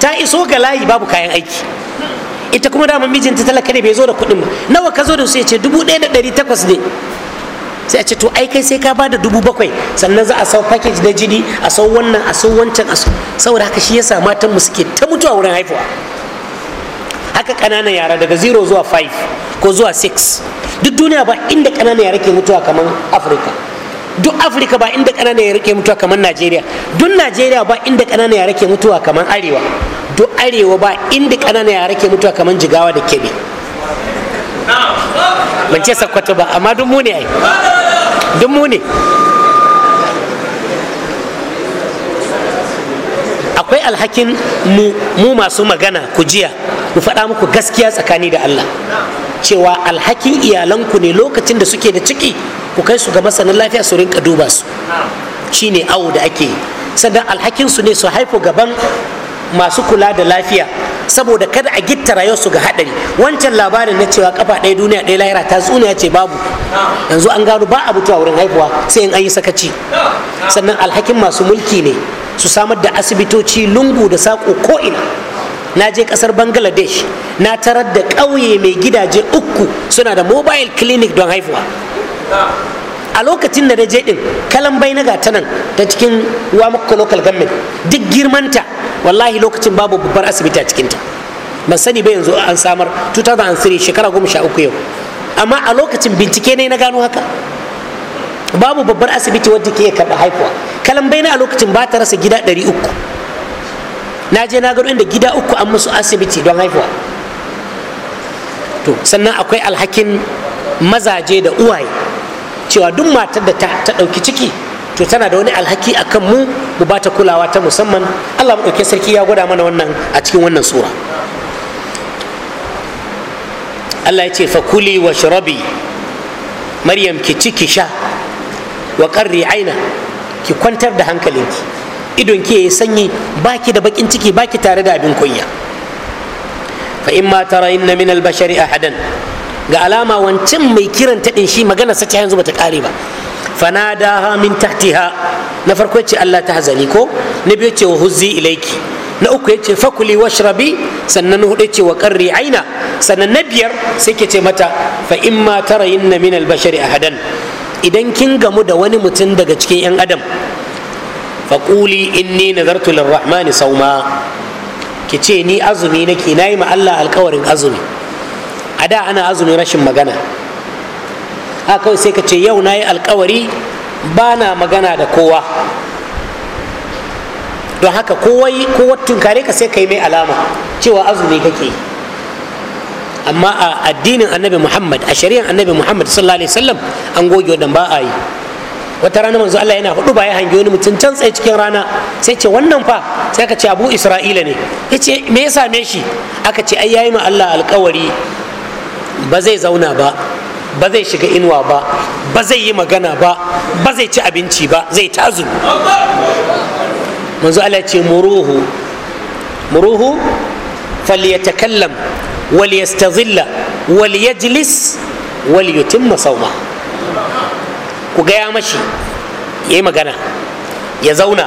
ta iso ga layi babu kayan aiki ita kuma dama mijinta talaka ne bai zo da kuɗin ba nawa ka zo da su ya ce dubu ɗaya da ɗari takwas ne sai a ce to ai kai sai ka bada dubu bakwai sannan za a sau package da jini a sau wannan a sau wancan a saboda haka shi yasa matan mu suke ta mutuwa wurin haifuwa haka ƙananan yara daga 0 zuwa 5 ko zuwa 6 duk duniya ba inda ƙananan yara ke mutuwa kamar afirka duk afirka ba inda kanana ya rike mutuwa kamar najeriya duk najeriya ba inda kanana ya rike mutuwa kamar arewa duk arewa ba inda kanana ya rike mutuwa kamar jigawa da kebe ban ce sakkwato ba amma duk muni ai duk muni akwai alhakin mu mu masu magana ku jiya mu faɗa muku gaskiya tsakani da allah cewa alhakin iyalanku ne lokacin da suke da ciki ku kai su ga masanin lafiya su rinka duba su shine awo da ake yi sannan alhakin su ne su haifu gaban masu kula da lafiya saboda kada a gitta su ga hadari wancan labarin na cewa kafa ɗaya duniya ɗaya lahira ta tsuniya ce babu yanzu an gano ba a mutuwa wurin haihuwa sai in an yi sakaci sannan alhakin masu mulki ne su samar da asibitoci lungu da sako ko ko'ina na je ƙasar bangladesh na tarar da ƙauye mai gidaje uku suna da mobile clinic don haihuwa a lokacin da na je din kalan bai na gata nan ta cikin wa maka local government duk girmanta wallahi lokacin babu babbar asibiti a cikinta ban sani ba yanzu an samar 2003 shekara goma sha uku yau amma a lokacin bincike ne na gano haka babu babbar asibiti wadda ke karɓa haifuwa kalan bai na a lokacin ba ta rasa gida 300 na je na gano inda gida uku an musu asibiti don haifuwa to sannan akwai alhakin mazaje da uwaye cewa duk matar da ta ɗauki ciki to tana da wani alhaki a kan mu mu ba kulawa ta musamman allah maɗauki sarki ya gwada mana wannan a cikin wannan sura allah ya ce fakuli wa shirabi maryam ki ci ki sha wa ƙarri aina ki kwantar da hankalinki idon ki yayi sanyi baki da bakin ciki baki tare da abin kunya fa in ma tara inna min al-bashari ahadan ga alama wancan mai kiran ta din shi magana sace yanzu bata kare ba fanadaha min tahtiha na farko ce Allah ta hazali ko na biyu yace wa huzzi ilaiki na uku yace fakuli washrabi sannan na hudu ce wa qarri aina sannan na biyar sai ke ce mata fa imma tarayinna min albashari ahadan idan kin gamu da wani mutum daga cikin yan adam faƙuli inni nazartu lirrahmani sauma kice ni azumi nake nayi ma Allah alkawarin azumi a da ana azumin rashin magana a kawai sai ka ce yau na yi alkawari ba na magana da kowa don haka kowa tunkare ka sai ka yi mai alama cewa azumi kake amma a addinin annabi muhammad a shari'ar annabi muhammad sallallahu alaihi wasallam an goge wannan ba a yi wata rana manzo Allah yana hudu ba ya hangi wani mutum can tsaye cikin rana sai ce wannan fa sai ka ce abu isra'ila ne ya ce me ya same shi aka ce ai yayi ma Allah alkawari ba zai zauna ba ba zai shiga inuwa ba ba zai yi magana ba ba zai ci abinci ba zai tazu manzo Allah ce muruhu muruhu falyatakallam wal yastazilla wal sawma ku gaya mashi ya yi magana ya zauna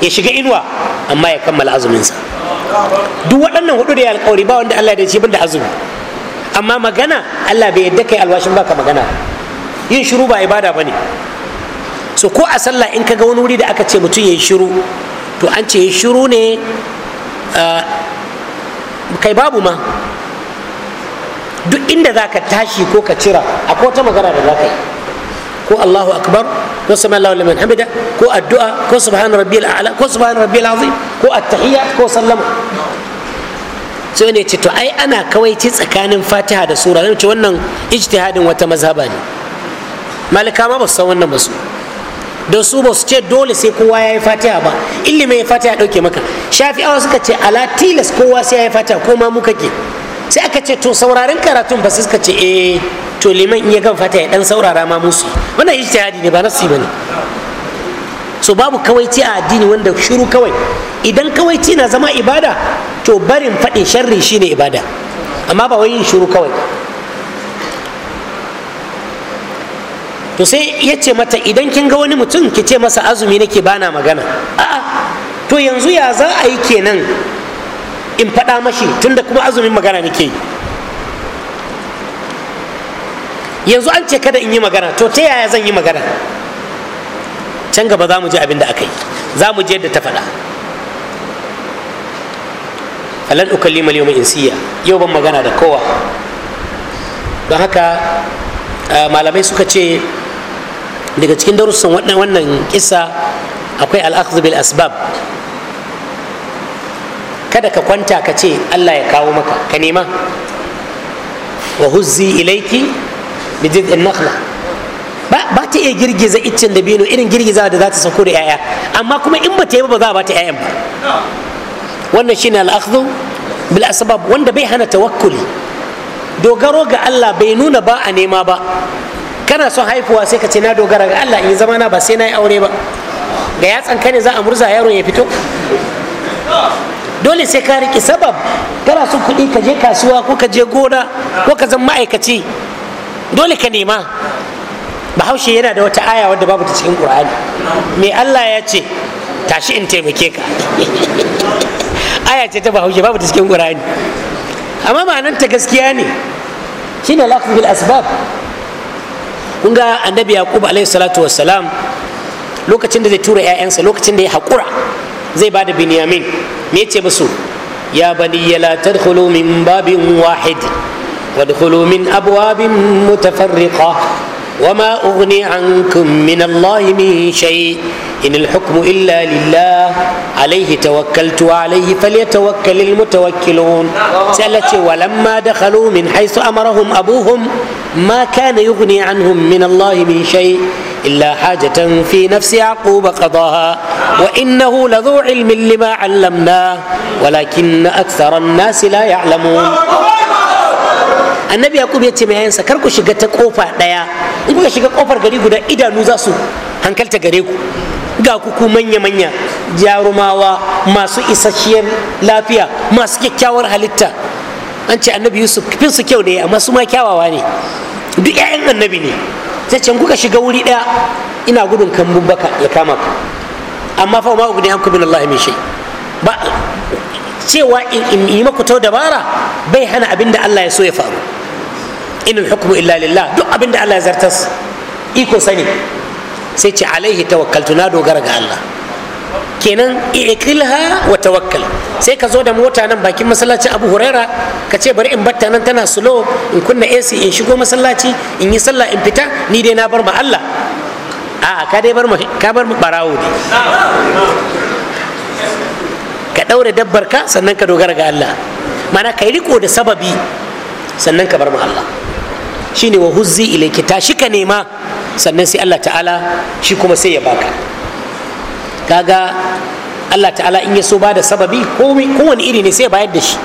ya shiga inuwa amma ya kammala azuminsa duk waɗannan hudu da ya alƙawari ba wanda Allah ya da shi da azumi amma magana Allah bai yadda kai alwashin baka magana yin shiru ba ibada ba ne so ko a sallah in ka ga wani wuri da aka ce mutum ya yi shiru to an ce yi shiru ne kai babu ma duk inda za ka tashi ko ka cira a wata magana da za ka yi ko Allahu akbar ko sami Allahu liman hamida ko addu'a ko subhan rabbiyal a'la ko subhan rabbiyal azim ko attahiyya ko sallama sai wani ce to ai ana kawaici tsakanin fatiha da sura zai ce wannan ijtihadin wata mazhaba ne malika ma ba su san wannan ba su da su ba su ce dole sai kowa ya yi fatiha ba ilimin ya fatiha dauke maka shafi awa suka ce ala tilas kowa sai ya yi fatiha ko ma muka ke sai aka ce to sauraron karatun ba su suka ce eh to liman in ya gan fatiha ya dan saurara ma musu wannan ijtihadi ne ba nasi bane so babu kawaici a addini wanda shiru kawai idan kawaici na zama ibada to barin faɗin sharri shine ibada amma ba wai yin shuru kawai to sai ya ce mata idan kin ga wani mutum ki ce masa azumi nake bana magana a'a to yanzu ya za a yi kenan in faɗa mashi tunda kuma azumin magana nake yi yanzu an ce kada in yi magana to ta yaya zan yi magana can gaba za mu je abin da aka yi za mu je yadda ta faɗa falan ukallima yawma insiya yau ban magana da kowa don haka malamai suka ce daga cikin darussan wannan kisa akwai al'akhdhu bil asbab kada ka kwanta ka ce Allah ya kawo maka ka nema wa huzzi ilaiki bi jid'in nakhla ba ba ta iya girgiza iccen da bino irin girgiza da za ta sako da yaya amma kuma in ba ta yi ba za a ba ta yayan ba wannan shine al'akhdhu bil asbab wanda bai hana tawakkuli dogaro ga Allah bai nuna ba a nema ba kana son haifuwa sai ka ce na dogara ga Allah in zama na ba sai na yi aure ba ga yatsan ka ne za a murza yaron ya fito dole sai ka riƙe sabab kana son kuɗi ka je kasuwa ko ka je gona ko ka zama ma'aikaci dole ka nema bahaushe yana da wata aya wadda babu ta cikin ƙur'ani me Allah ya ce tashi in taimake ka aya ce ta bahaushe babu ta cikin qur'ani amma ma'anar ta gaskiya ne shine lafi bil asbab kun ga annabi yaqub alaihi salatu wassalam lokacin da zai tura 'ya'yansa lokacin da ya haƙura zai ba da binyamin me ce musu ya bani ya la tadkhulu min babin wahid wadkhulu min abwabin mutafarriqa وما أغني عنكم من الله من شيء إن الحكم إلا لله عليه توكلت وعليه فليتوكل المتوكلون سألت ولما دخلوا من حيث أمرهم أبوهم ما كان يغني عنهم من الله من شيء إلا حاجة في نفس يعقوب قضاها وإنه لذو علم لما علمناه ولكن أكثر الناس لا يعلمون annabi yaqub ya ce mai yayansa kar ku shiga ta kofa daya in kuka shiga kofar gari guda idanu za su hankalta gare ku ga ku manya-manya jarumawa masu isasshiyar lafiya masu kyakkyawar halitta an ce annabi yusuf kifin su kyau ne amma su ma kyawawa ne duk 'ya'yan annabi ne sai can kuka shiga wuri daya ina gudun kan baka ya kama ku amma fa ma ugni hanku bin Allah min ba cewa in yi maku ta dabara bai hana abinda Allah ya so ya faru inul hukumu illa lillah duk abin da Allah ya zartas iko sani sai ce alaihi tawakkaltu na dogara ga Allah kenan iqilha wa tawakkal sai ka zo da mota nan bakin masallaci Abu Huraira ka ce bari in batta nan tana slow in kunna AC in shigo masallaci in yi sallah in fita ni dai na bar ma Allah a ka dai bar ma, ka bar ma barawo ne ka daure dabbar ka sannan ka dogara ga Allah mana kai riko da sababi sannan ka bar ma Allah shine wa huzzi ilayki tashi nema sannan sai Allah ta'ala shi kuma sai ya baka kaga Allah ta'ala in ya so ba da sababi kowane iri ne sai bayar da shi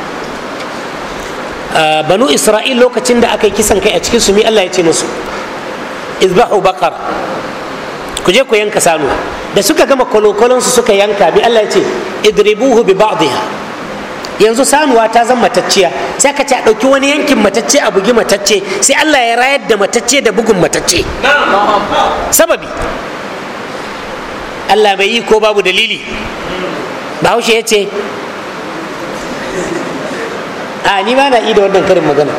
ah, banu isra'il lokacin da aka yi kisan kai a cikin su Allah ya ce musu izbahu bakar ku je ku yanka sanu da suka gama kolokolon su suka yanka bi Allah ya ce idribuhu bi ba'dihha yanzu sanuwa ta zan matacciya sai ka ce a ɗauki wani yankin matacce a bugi matacce sai allah ya rayar da matacce da bugun matacce sababi allah bai yi ko babu dalili bahaushe ya ce a ni ba na yi da wannan karin magana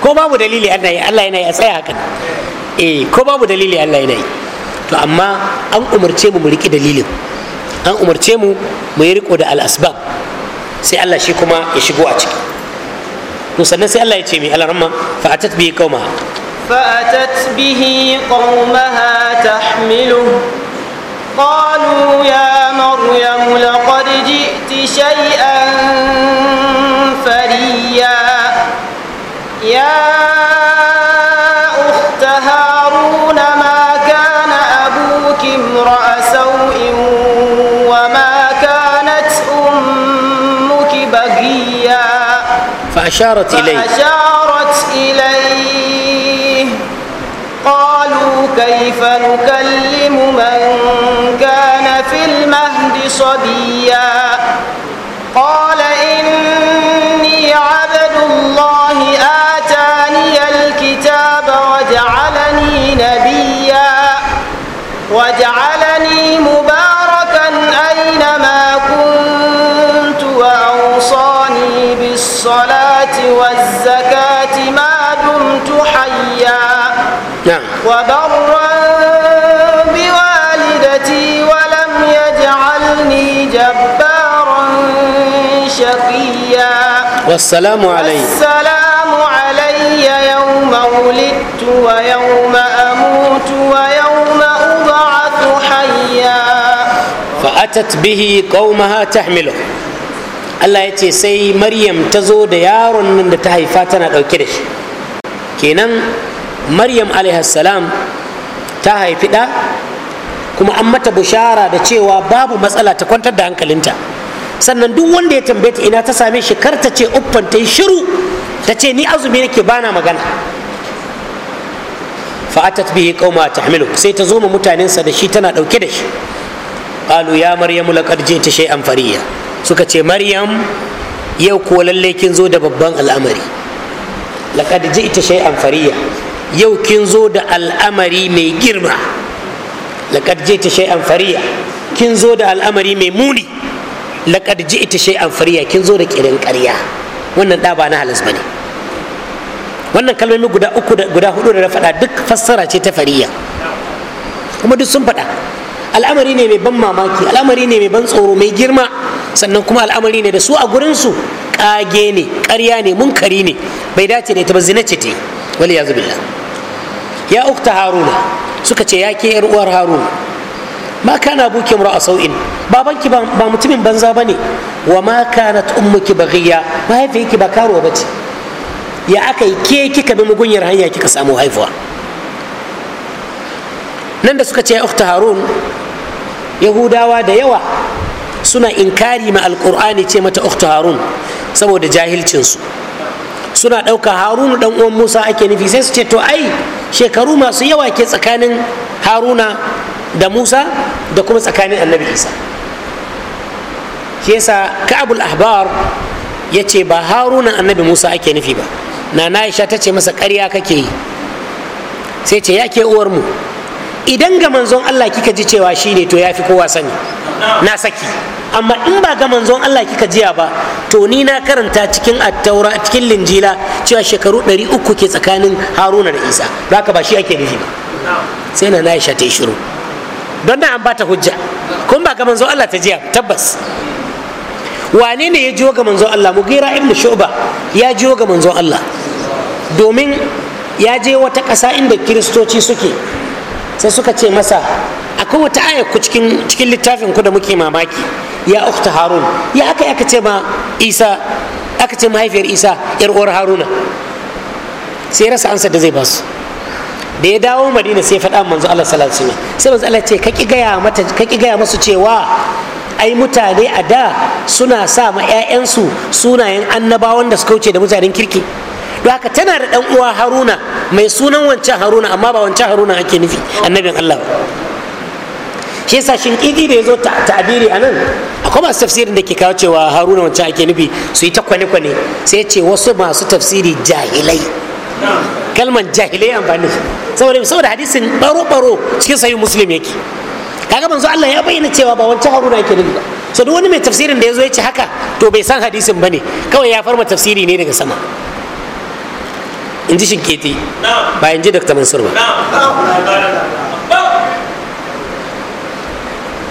ko babu dalili allah yana yi a tsaya hakan eh ko babu dalili allah yana yi to amma an umarce mu mu riƙe dalilin an umarce mu mu yi riko da al'asbab sai Allah shi kuma ya shigo a ciki to sannan sai Allah ya ce mai alarma fa atat bihi qaumaha fa atat bihi ta tahmiluhu qalu ya maryam laqad ji'ti shay'an فأشارت إليه فأشارت إليه قالوا كيف نكلم من كان في المهد صبيا قال إني عبد الله آتاني الكتاب وجعلني نبيا وجعلني كنت حيا نعم وبرا بوالدتي ولم يجعلني جبارا شقيا والسلام علي والسلام علي يوم ولدت ويوم أموت ويوم أبعث حيا فأتت به قومها تحمله Allah ya ce sai Maryam ta zo da yaron nan da ta haifa tana ɗauke da shi kenan maryam salam ta haifi ɗa kuma an mata bushara da cewa babu matsala ta kwantar da hankalinta sannan duk wanda ya tambaye ta ina ta same shi kar ta ce uffan ta yi shiru ta ce ni azumi nake bana magana fa'atat bihi qauma tahmilu sai ta zo ma mutanensa da shi tana dauke da shi qalu ya maryamu laqad jita shay'an fariya suka ce maryam yau ko lalle kin zo da babban al'amari laqad ji'ta shai fariya yau kin zo da al'amari mai girma laqad ji'ta shai fariya kin zo da al'amari mai muni laqad ji'ta shai fariya kin zo da kirin ƙarya wannan da ba na ba ne wannan kalmomi guda uku guda hudu da na faɗa duk fassara ce ta fariya kuma duk sun faɗa al'amari ne mai ban mamaki al'amari ne mai ban tsoro mai girma sannan kuma al'amari ne da su a gurinsu kage ne ƙarya ne munkari ne bai dace da ita ba zina ce ta yi wali ya zubi ya ukta haruna suka ce ya ke uwar haruna ma kana buki mura a sau'in babanki ba mutumin banza ba ne wa ma kanat ummuki baghiya yake ba karuwa ba ce ya aka yi ke kika bi mugunyar hanya kika samu haifuwa nan da suka ce ya ukta harun yahudawa da yawa suna inkari ma alkur'ani ce mata ukhtu harun saboda jahilcinsu suna ɗauka harunu ɗan uwan musa ake nufi sai su ce to ai shekaru masu yawa ke tsakanin haruna da musa da kuma tsakanin annabi isa yasa ka'abul ahbar ya ce ba haruna annabi musa ake nufi ba na na'isha ta ce masa ƙarya kake yi sai ce ya ke mu idan ga manzon allah kika ji cewa shi ne to ya fi kowa sani na saki amma in ba ga manzon Allah kika jiya ba to ni na karanta cikin attaura cikin linjila cewa shekaru 300 ke tsakanin haruna da isa ka ba shi ake nufi ba sai na aisha ta yi shiru don na an bata hujja kun ba ga manzon Allah ta jiya tabbas wane ne ya jiwo ga manzon Allah mugira ibn shuba ya jiwo ga manzon Allah domin ya je wata ƙasa inda kiristoci suke sai suka ce masa akwai wata aya ku cikin littafin ku da muke mamaki ya ukhta harun ya aka aka ce ma isa aka ce mahaifiyar isa yar uwar haruna sai rasa ansa da zai ba su da ya dawo madina sai faɗa manzo Allah sallallahu alaihi sai manzo Allah ce ka ki gaya mata ka ki gaya musu cewa ai mutane a da suna sa ma ƴaƴansu sunayen annabawan da suka wuce da mutanen kirki don haka tana da ɗan uwa haruna mai sunan wancan haruna amma ba wancan haruna ake nufi annabin Allah ba. shi yasa shinkidi da ya zo ta'abiri a nan akwai masu tafsirin da ke kawo cewa haruna wancan ake nufi su yi ta kwane-kwane sai ce wasu masu tafsiri jahilai kalman jahilai amfani saboda saboda hadisin baro-baro cikin sayi musulmi yake kaga manzo Allah ya bayyana cewa ba wancan haruna yake nufi ba so duk wani mai tafsirin da ya zo ya ce haka to bai san hadisin ba ne kawai ya farma tafsiri ne daga sama in ji shinketi ba in ji dr mansur ba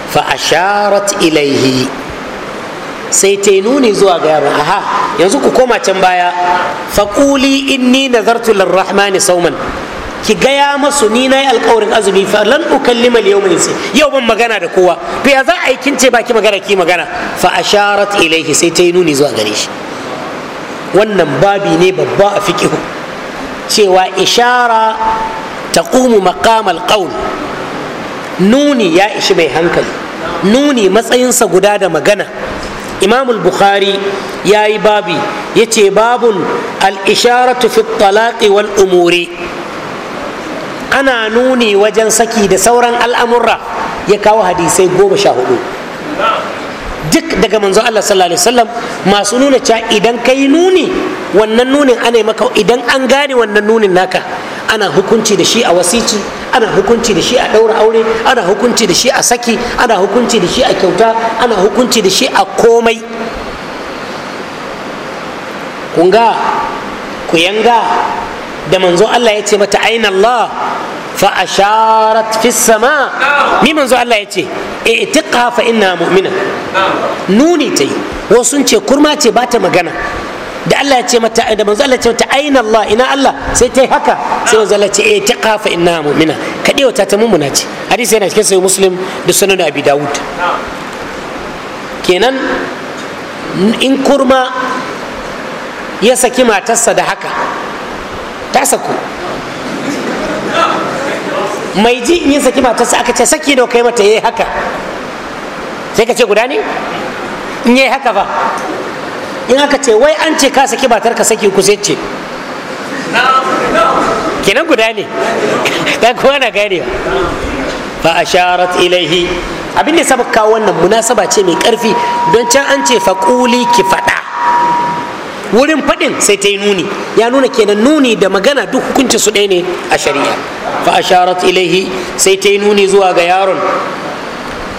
fa ilaihi sai ta yi nuni zuwa ga yaron aha yanzu ku koma can baya faƙuli inni nazartu lirrahmani sauman ki gaya masu ni na yi alƙawarin azumi fa lan ukallima al yawma insi yau ban magana da kowa to ya za a yi kin ce baki magana ki magana fa asharat ilaihi sai ta yi nuni zuwa gare shi wannan babi ne babba a fiqihu cewa ishara taqumu maqamal qawl nuni ya ishi mai hankali nuni matsayinsa guda da magana imam bukhari ya yi babi ya ce babun al'isharatu fi talaƙi wal umuri ana nuni wajen saki da sauran al'amurra ya kawo hadisai goma sha hudu duk daga manzo Allah sallallahu alaihi wasallam masu nuna cewa idan ka yi nuni wannan nunin ana maka idan an gane wannan nunin naka ana hukunci da shi a wasici ana hukunci da shi a ɗaura aure ana hukunci da shi a saki ana hukunci da shi a kyauta ana hukunci da shi a komai kunga ku yanga da manzo Allah ya ce mata aina Allah fa asharat fi sama ni manzo Allah ya ce itiqa fa inna mu'mina nuni tai wasu ce kurma ce ba ta magana da Allah ya ce mata da manzo Allah ya ce mata aina Allah ina Allah sai ta yi haka sai manzo Allah ya ce eh ta kafa inna mu'mina kadewa wata ta mummuna ce hadisi yana cikin sahih muslim da sunan abi daud kenan in kurma ya saki matarsa da haka ta saku mai ji in ya saki matarsa aka ce saki da kai mata yayi haka sai ka ce guda ne in yayi haka ba in aka ce wai an ce ka saki batar ka saki ku sai ce kenan guda ne dan kuma na gane fa asharat ilaihi abin da saba kawo wannan munasaba ce mai karfi don can an ce kuli ki fada wurin fadin sai ta yi nuni ya nuna kenan nuni da magana duk hukunci su ɗaya ne a shari'a fa asharat ilaihi sai ta yi nuni zuwa ga yaron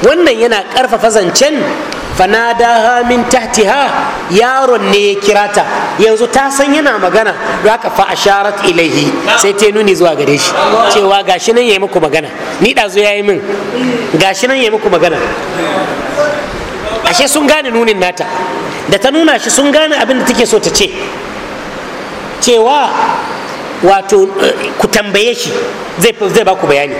wannan yana karfafa zancen fanadaha min tahtiha yaron ne ya kira ta yanzu ta san yana magana don haka fa asharat ilaihi sai ta nuni zuwa gare shi cewa gashi nan yayi muku magana ni zo yayi min gashi nan yayi muku magana ashe sun gane nunin nata da ta nuna shi sun gane abin da take so ta ce cewa wato eh, ku tambaye shi zai ba ku bayani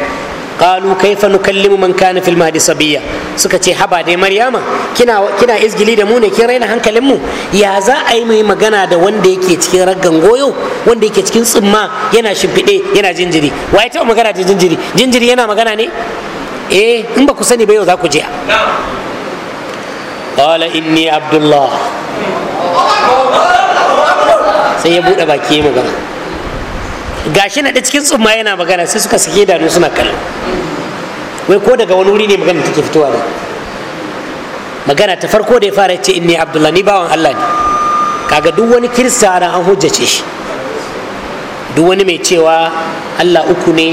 qalu kaifa nukallimu man kana fil mahdi sabiya suka ce haba dai maryama kina kina izgili da mu ne kin raina hankalin mu ya za a yi mai magana da wanda yake cikin raggan goyo wanda yake cikin tsumma yana shimfiɗe yana jinjiri wa ya taɓa magana da jinjiri jinjiri yana magana ne eh in ba ku sani ba yau za ku je qala inni abdullah sai ya buɗe baki magana gashi na cikin tsumma yana magana sai suka sake idanu suna kallo wai ko daga wani wuri ne magana take fitowa da magana ta farko da ya fara ce inni abdullahi ni bawan allah ne kaga duk wani kirista ran an hujjace shi duk wani mai cewa allah uku ne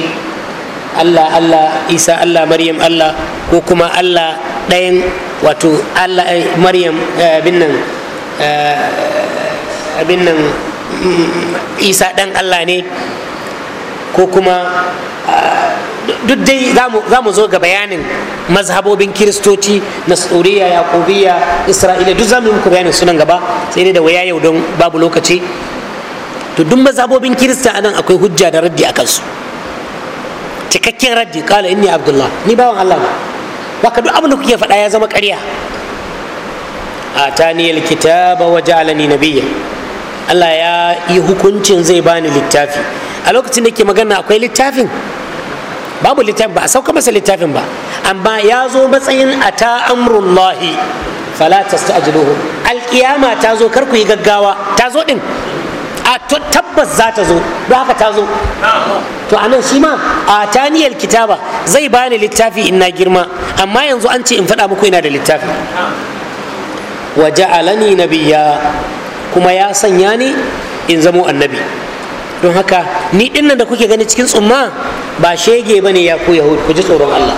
allah allah isa allah maryam allah ko kuma allah ɗayan wato allah eh, maryam eh, abin nan eh, abin nan mm, mm, mm, isa ɗan allah ne ko kuma ah, duk dai za mu zo ga bayanin mazhabobin kiristoci na tsoriya yakubiya isra'ila duk za mu yi muku bayanin sunan gaba sai dai da waya yau don babu lokaci to duk mazhabobin kirista anan akwai hujja da raddi a kansu cikakken raddi kala inni abdullah ni bawan allah ne baka duk abin da kuke faɗa ya zama ƙarya atani alkitaba wa ja'alani nabiyya Allah ya yi hukuncin zai bani littafi a lokacin da ke magana akwai littafin babu littafin ba a sauka masa littafin ba amma ya zo matsayin a ta amrullahi fala tasta'jiluhu alkiyama ta zo kar ku yi gaggawa ta zo din a tabbas za ta zo don haka ta zo to anan shi ma a taniyar kitaba zai bani littafi in na girma amma yanzu an ce in faɗa muku ina da littafi wa ja'alani nabiyya kuma ya sanya ni in zamo annabi don haka ni innan da kuke gani cikin tsumma ba shege bane ya ku yahud ku ji tsoron Allah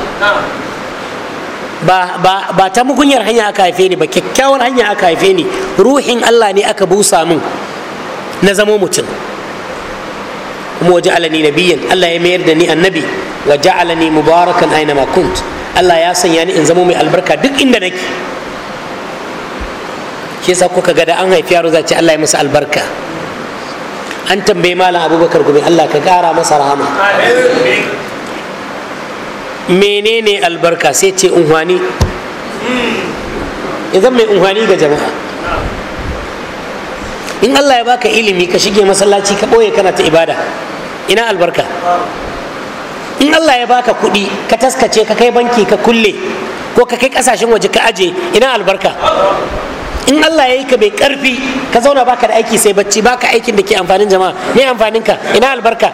ba ba ba ta mugunyar hanya aka haife ni ba kyakkyawar hanya aka haife ni ruhin Allah ne aka busa min na zamo mutum kuma waje alani nabiyin Allah ya mayar da ni annabi wa ja'alani mubarakan aina ma kunt Allah ya sanya ni in zamo mai albarka duk inda nake shi yasa kuka ga da an haifi yaro za ce Allah ya masa albarka an tambaye malam abubakar gumi allah ka kara masa rahama menene albarka sai ce unhwani idan mai unhwani ga jama'a in allah ya baka ilimi ka shige masallaci ka ɓoye kana ta ibada ina albarka in allah ya baka kuɗi ka taskace ka kai banki ka kulle ko ka kai ƙasashen waje ka aje ina albarka in Allah ya yi ka mai karfi ka zauna baka da aiki sai bacci baka aikin da ke amfanin jama'a me amfanin ka ina albarka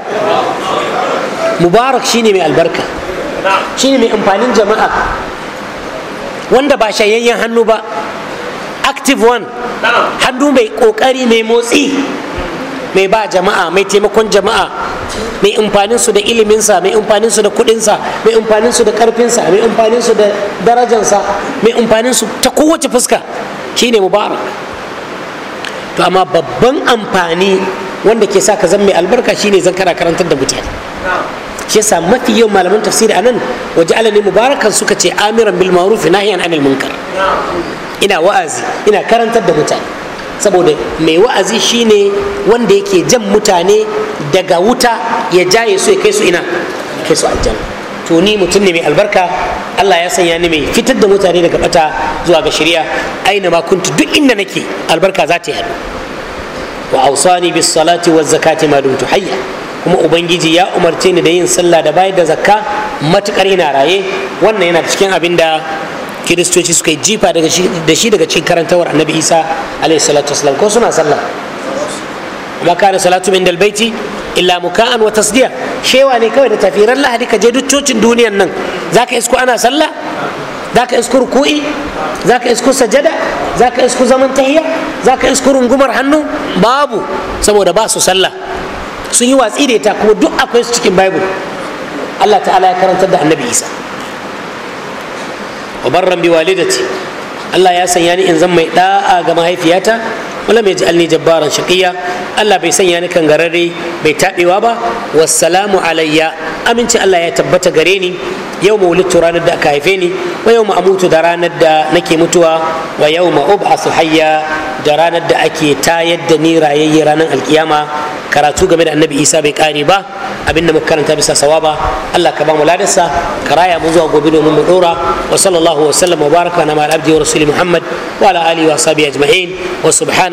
mubarak shine mai albarka shine mai amfanin jama'a wanda ba shayayyen hannu ba active one hannu mai kokari mai motsi mai ba jama'a mai taimakon jama'a mai amfanin su da iliminsa mai amfanin su da kudinsa mai amfanin su da karfinsa mai amfanin su da darajansa mai amfanin su ta kowace fuska shine mubarak to amma babban amfani wanda ke sa ka zan mai albarka shine zan kana karantar da mutane shi yasa mafi yawan malaman tafsiri anan waje alani mubarakan suka ce amiran bil ma'ruf nahyan anil munkar ina wa'azi ina karantar da mutane saboda mai wa'azi shine wanda yake jan mutane daga wuta ya jaye su ya kai su ina kai su aljanna to ni mutum ne mai albarka Allah ya sanya ni mai fitar da mutane daga bata zuwa ga shari'a aina ma kuntu duk inda nake albarka za ta yi wa ausani bis salati waz zakati ma dumtu hayya kuma ubangiji ya umarce ni da yin sallah da bayar da zakka matukar ina raye wannan yana cikin abin da kiristoci suka yi jifa da shi daga cikin karantawar annabi isa alaihi salatu wasalam ko suna sallah amma kana salatu min dalbaiti illa muka'an wa tasdiya shewa ne kawai da tafiran lahadi ka je duk cocin duniyan nan zaka isko ana sallah zaka isko ruku'i zaka isku sajada zaka isku zaman tahiya zaka isku rungumar hannu babu saboda ba su sallah sun yi watsi da ita kuma duk akwai su cikin bible Allah ta'ala ya karantar da annabi Isa wa barran bi walidati Allah ya sanya ni in zan mai da'a ga mahaifiyata wala mai ji alni jabbaran shaqiya Allah bai sanya ni kan gararre bai taɓewa ba wassalamu alayya aminci Allah ya tabbata gare ni yau mawlidtu ranar da aka haife ni wa yau amutu da ranar da nake mutuwa wa yau ub'asu hayya da ranar da ake tayar da ni rayayye ranar alkiyama karatu game da annabi isa bai kare ba abinda muka karanta bisa sawaba Allah ka ba mu ladarsa ka raya mu zuwa gobe domin mu dora wa sallallahu wa sallam wa baraka na ma'al abdi wa rasuli muhammad wa ala alihi wa sahbihi ajma'in wa subhana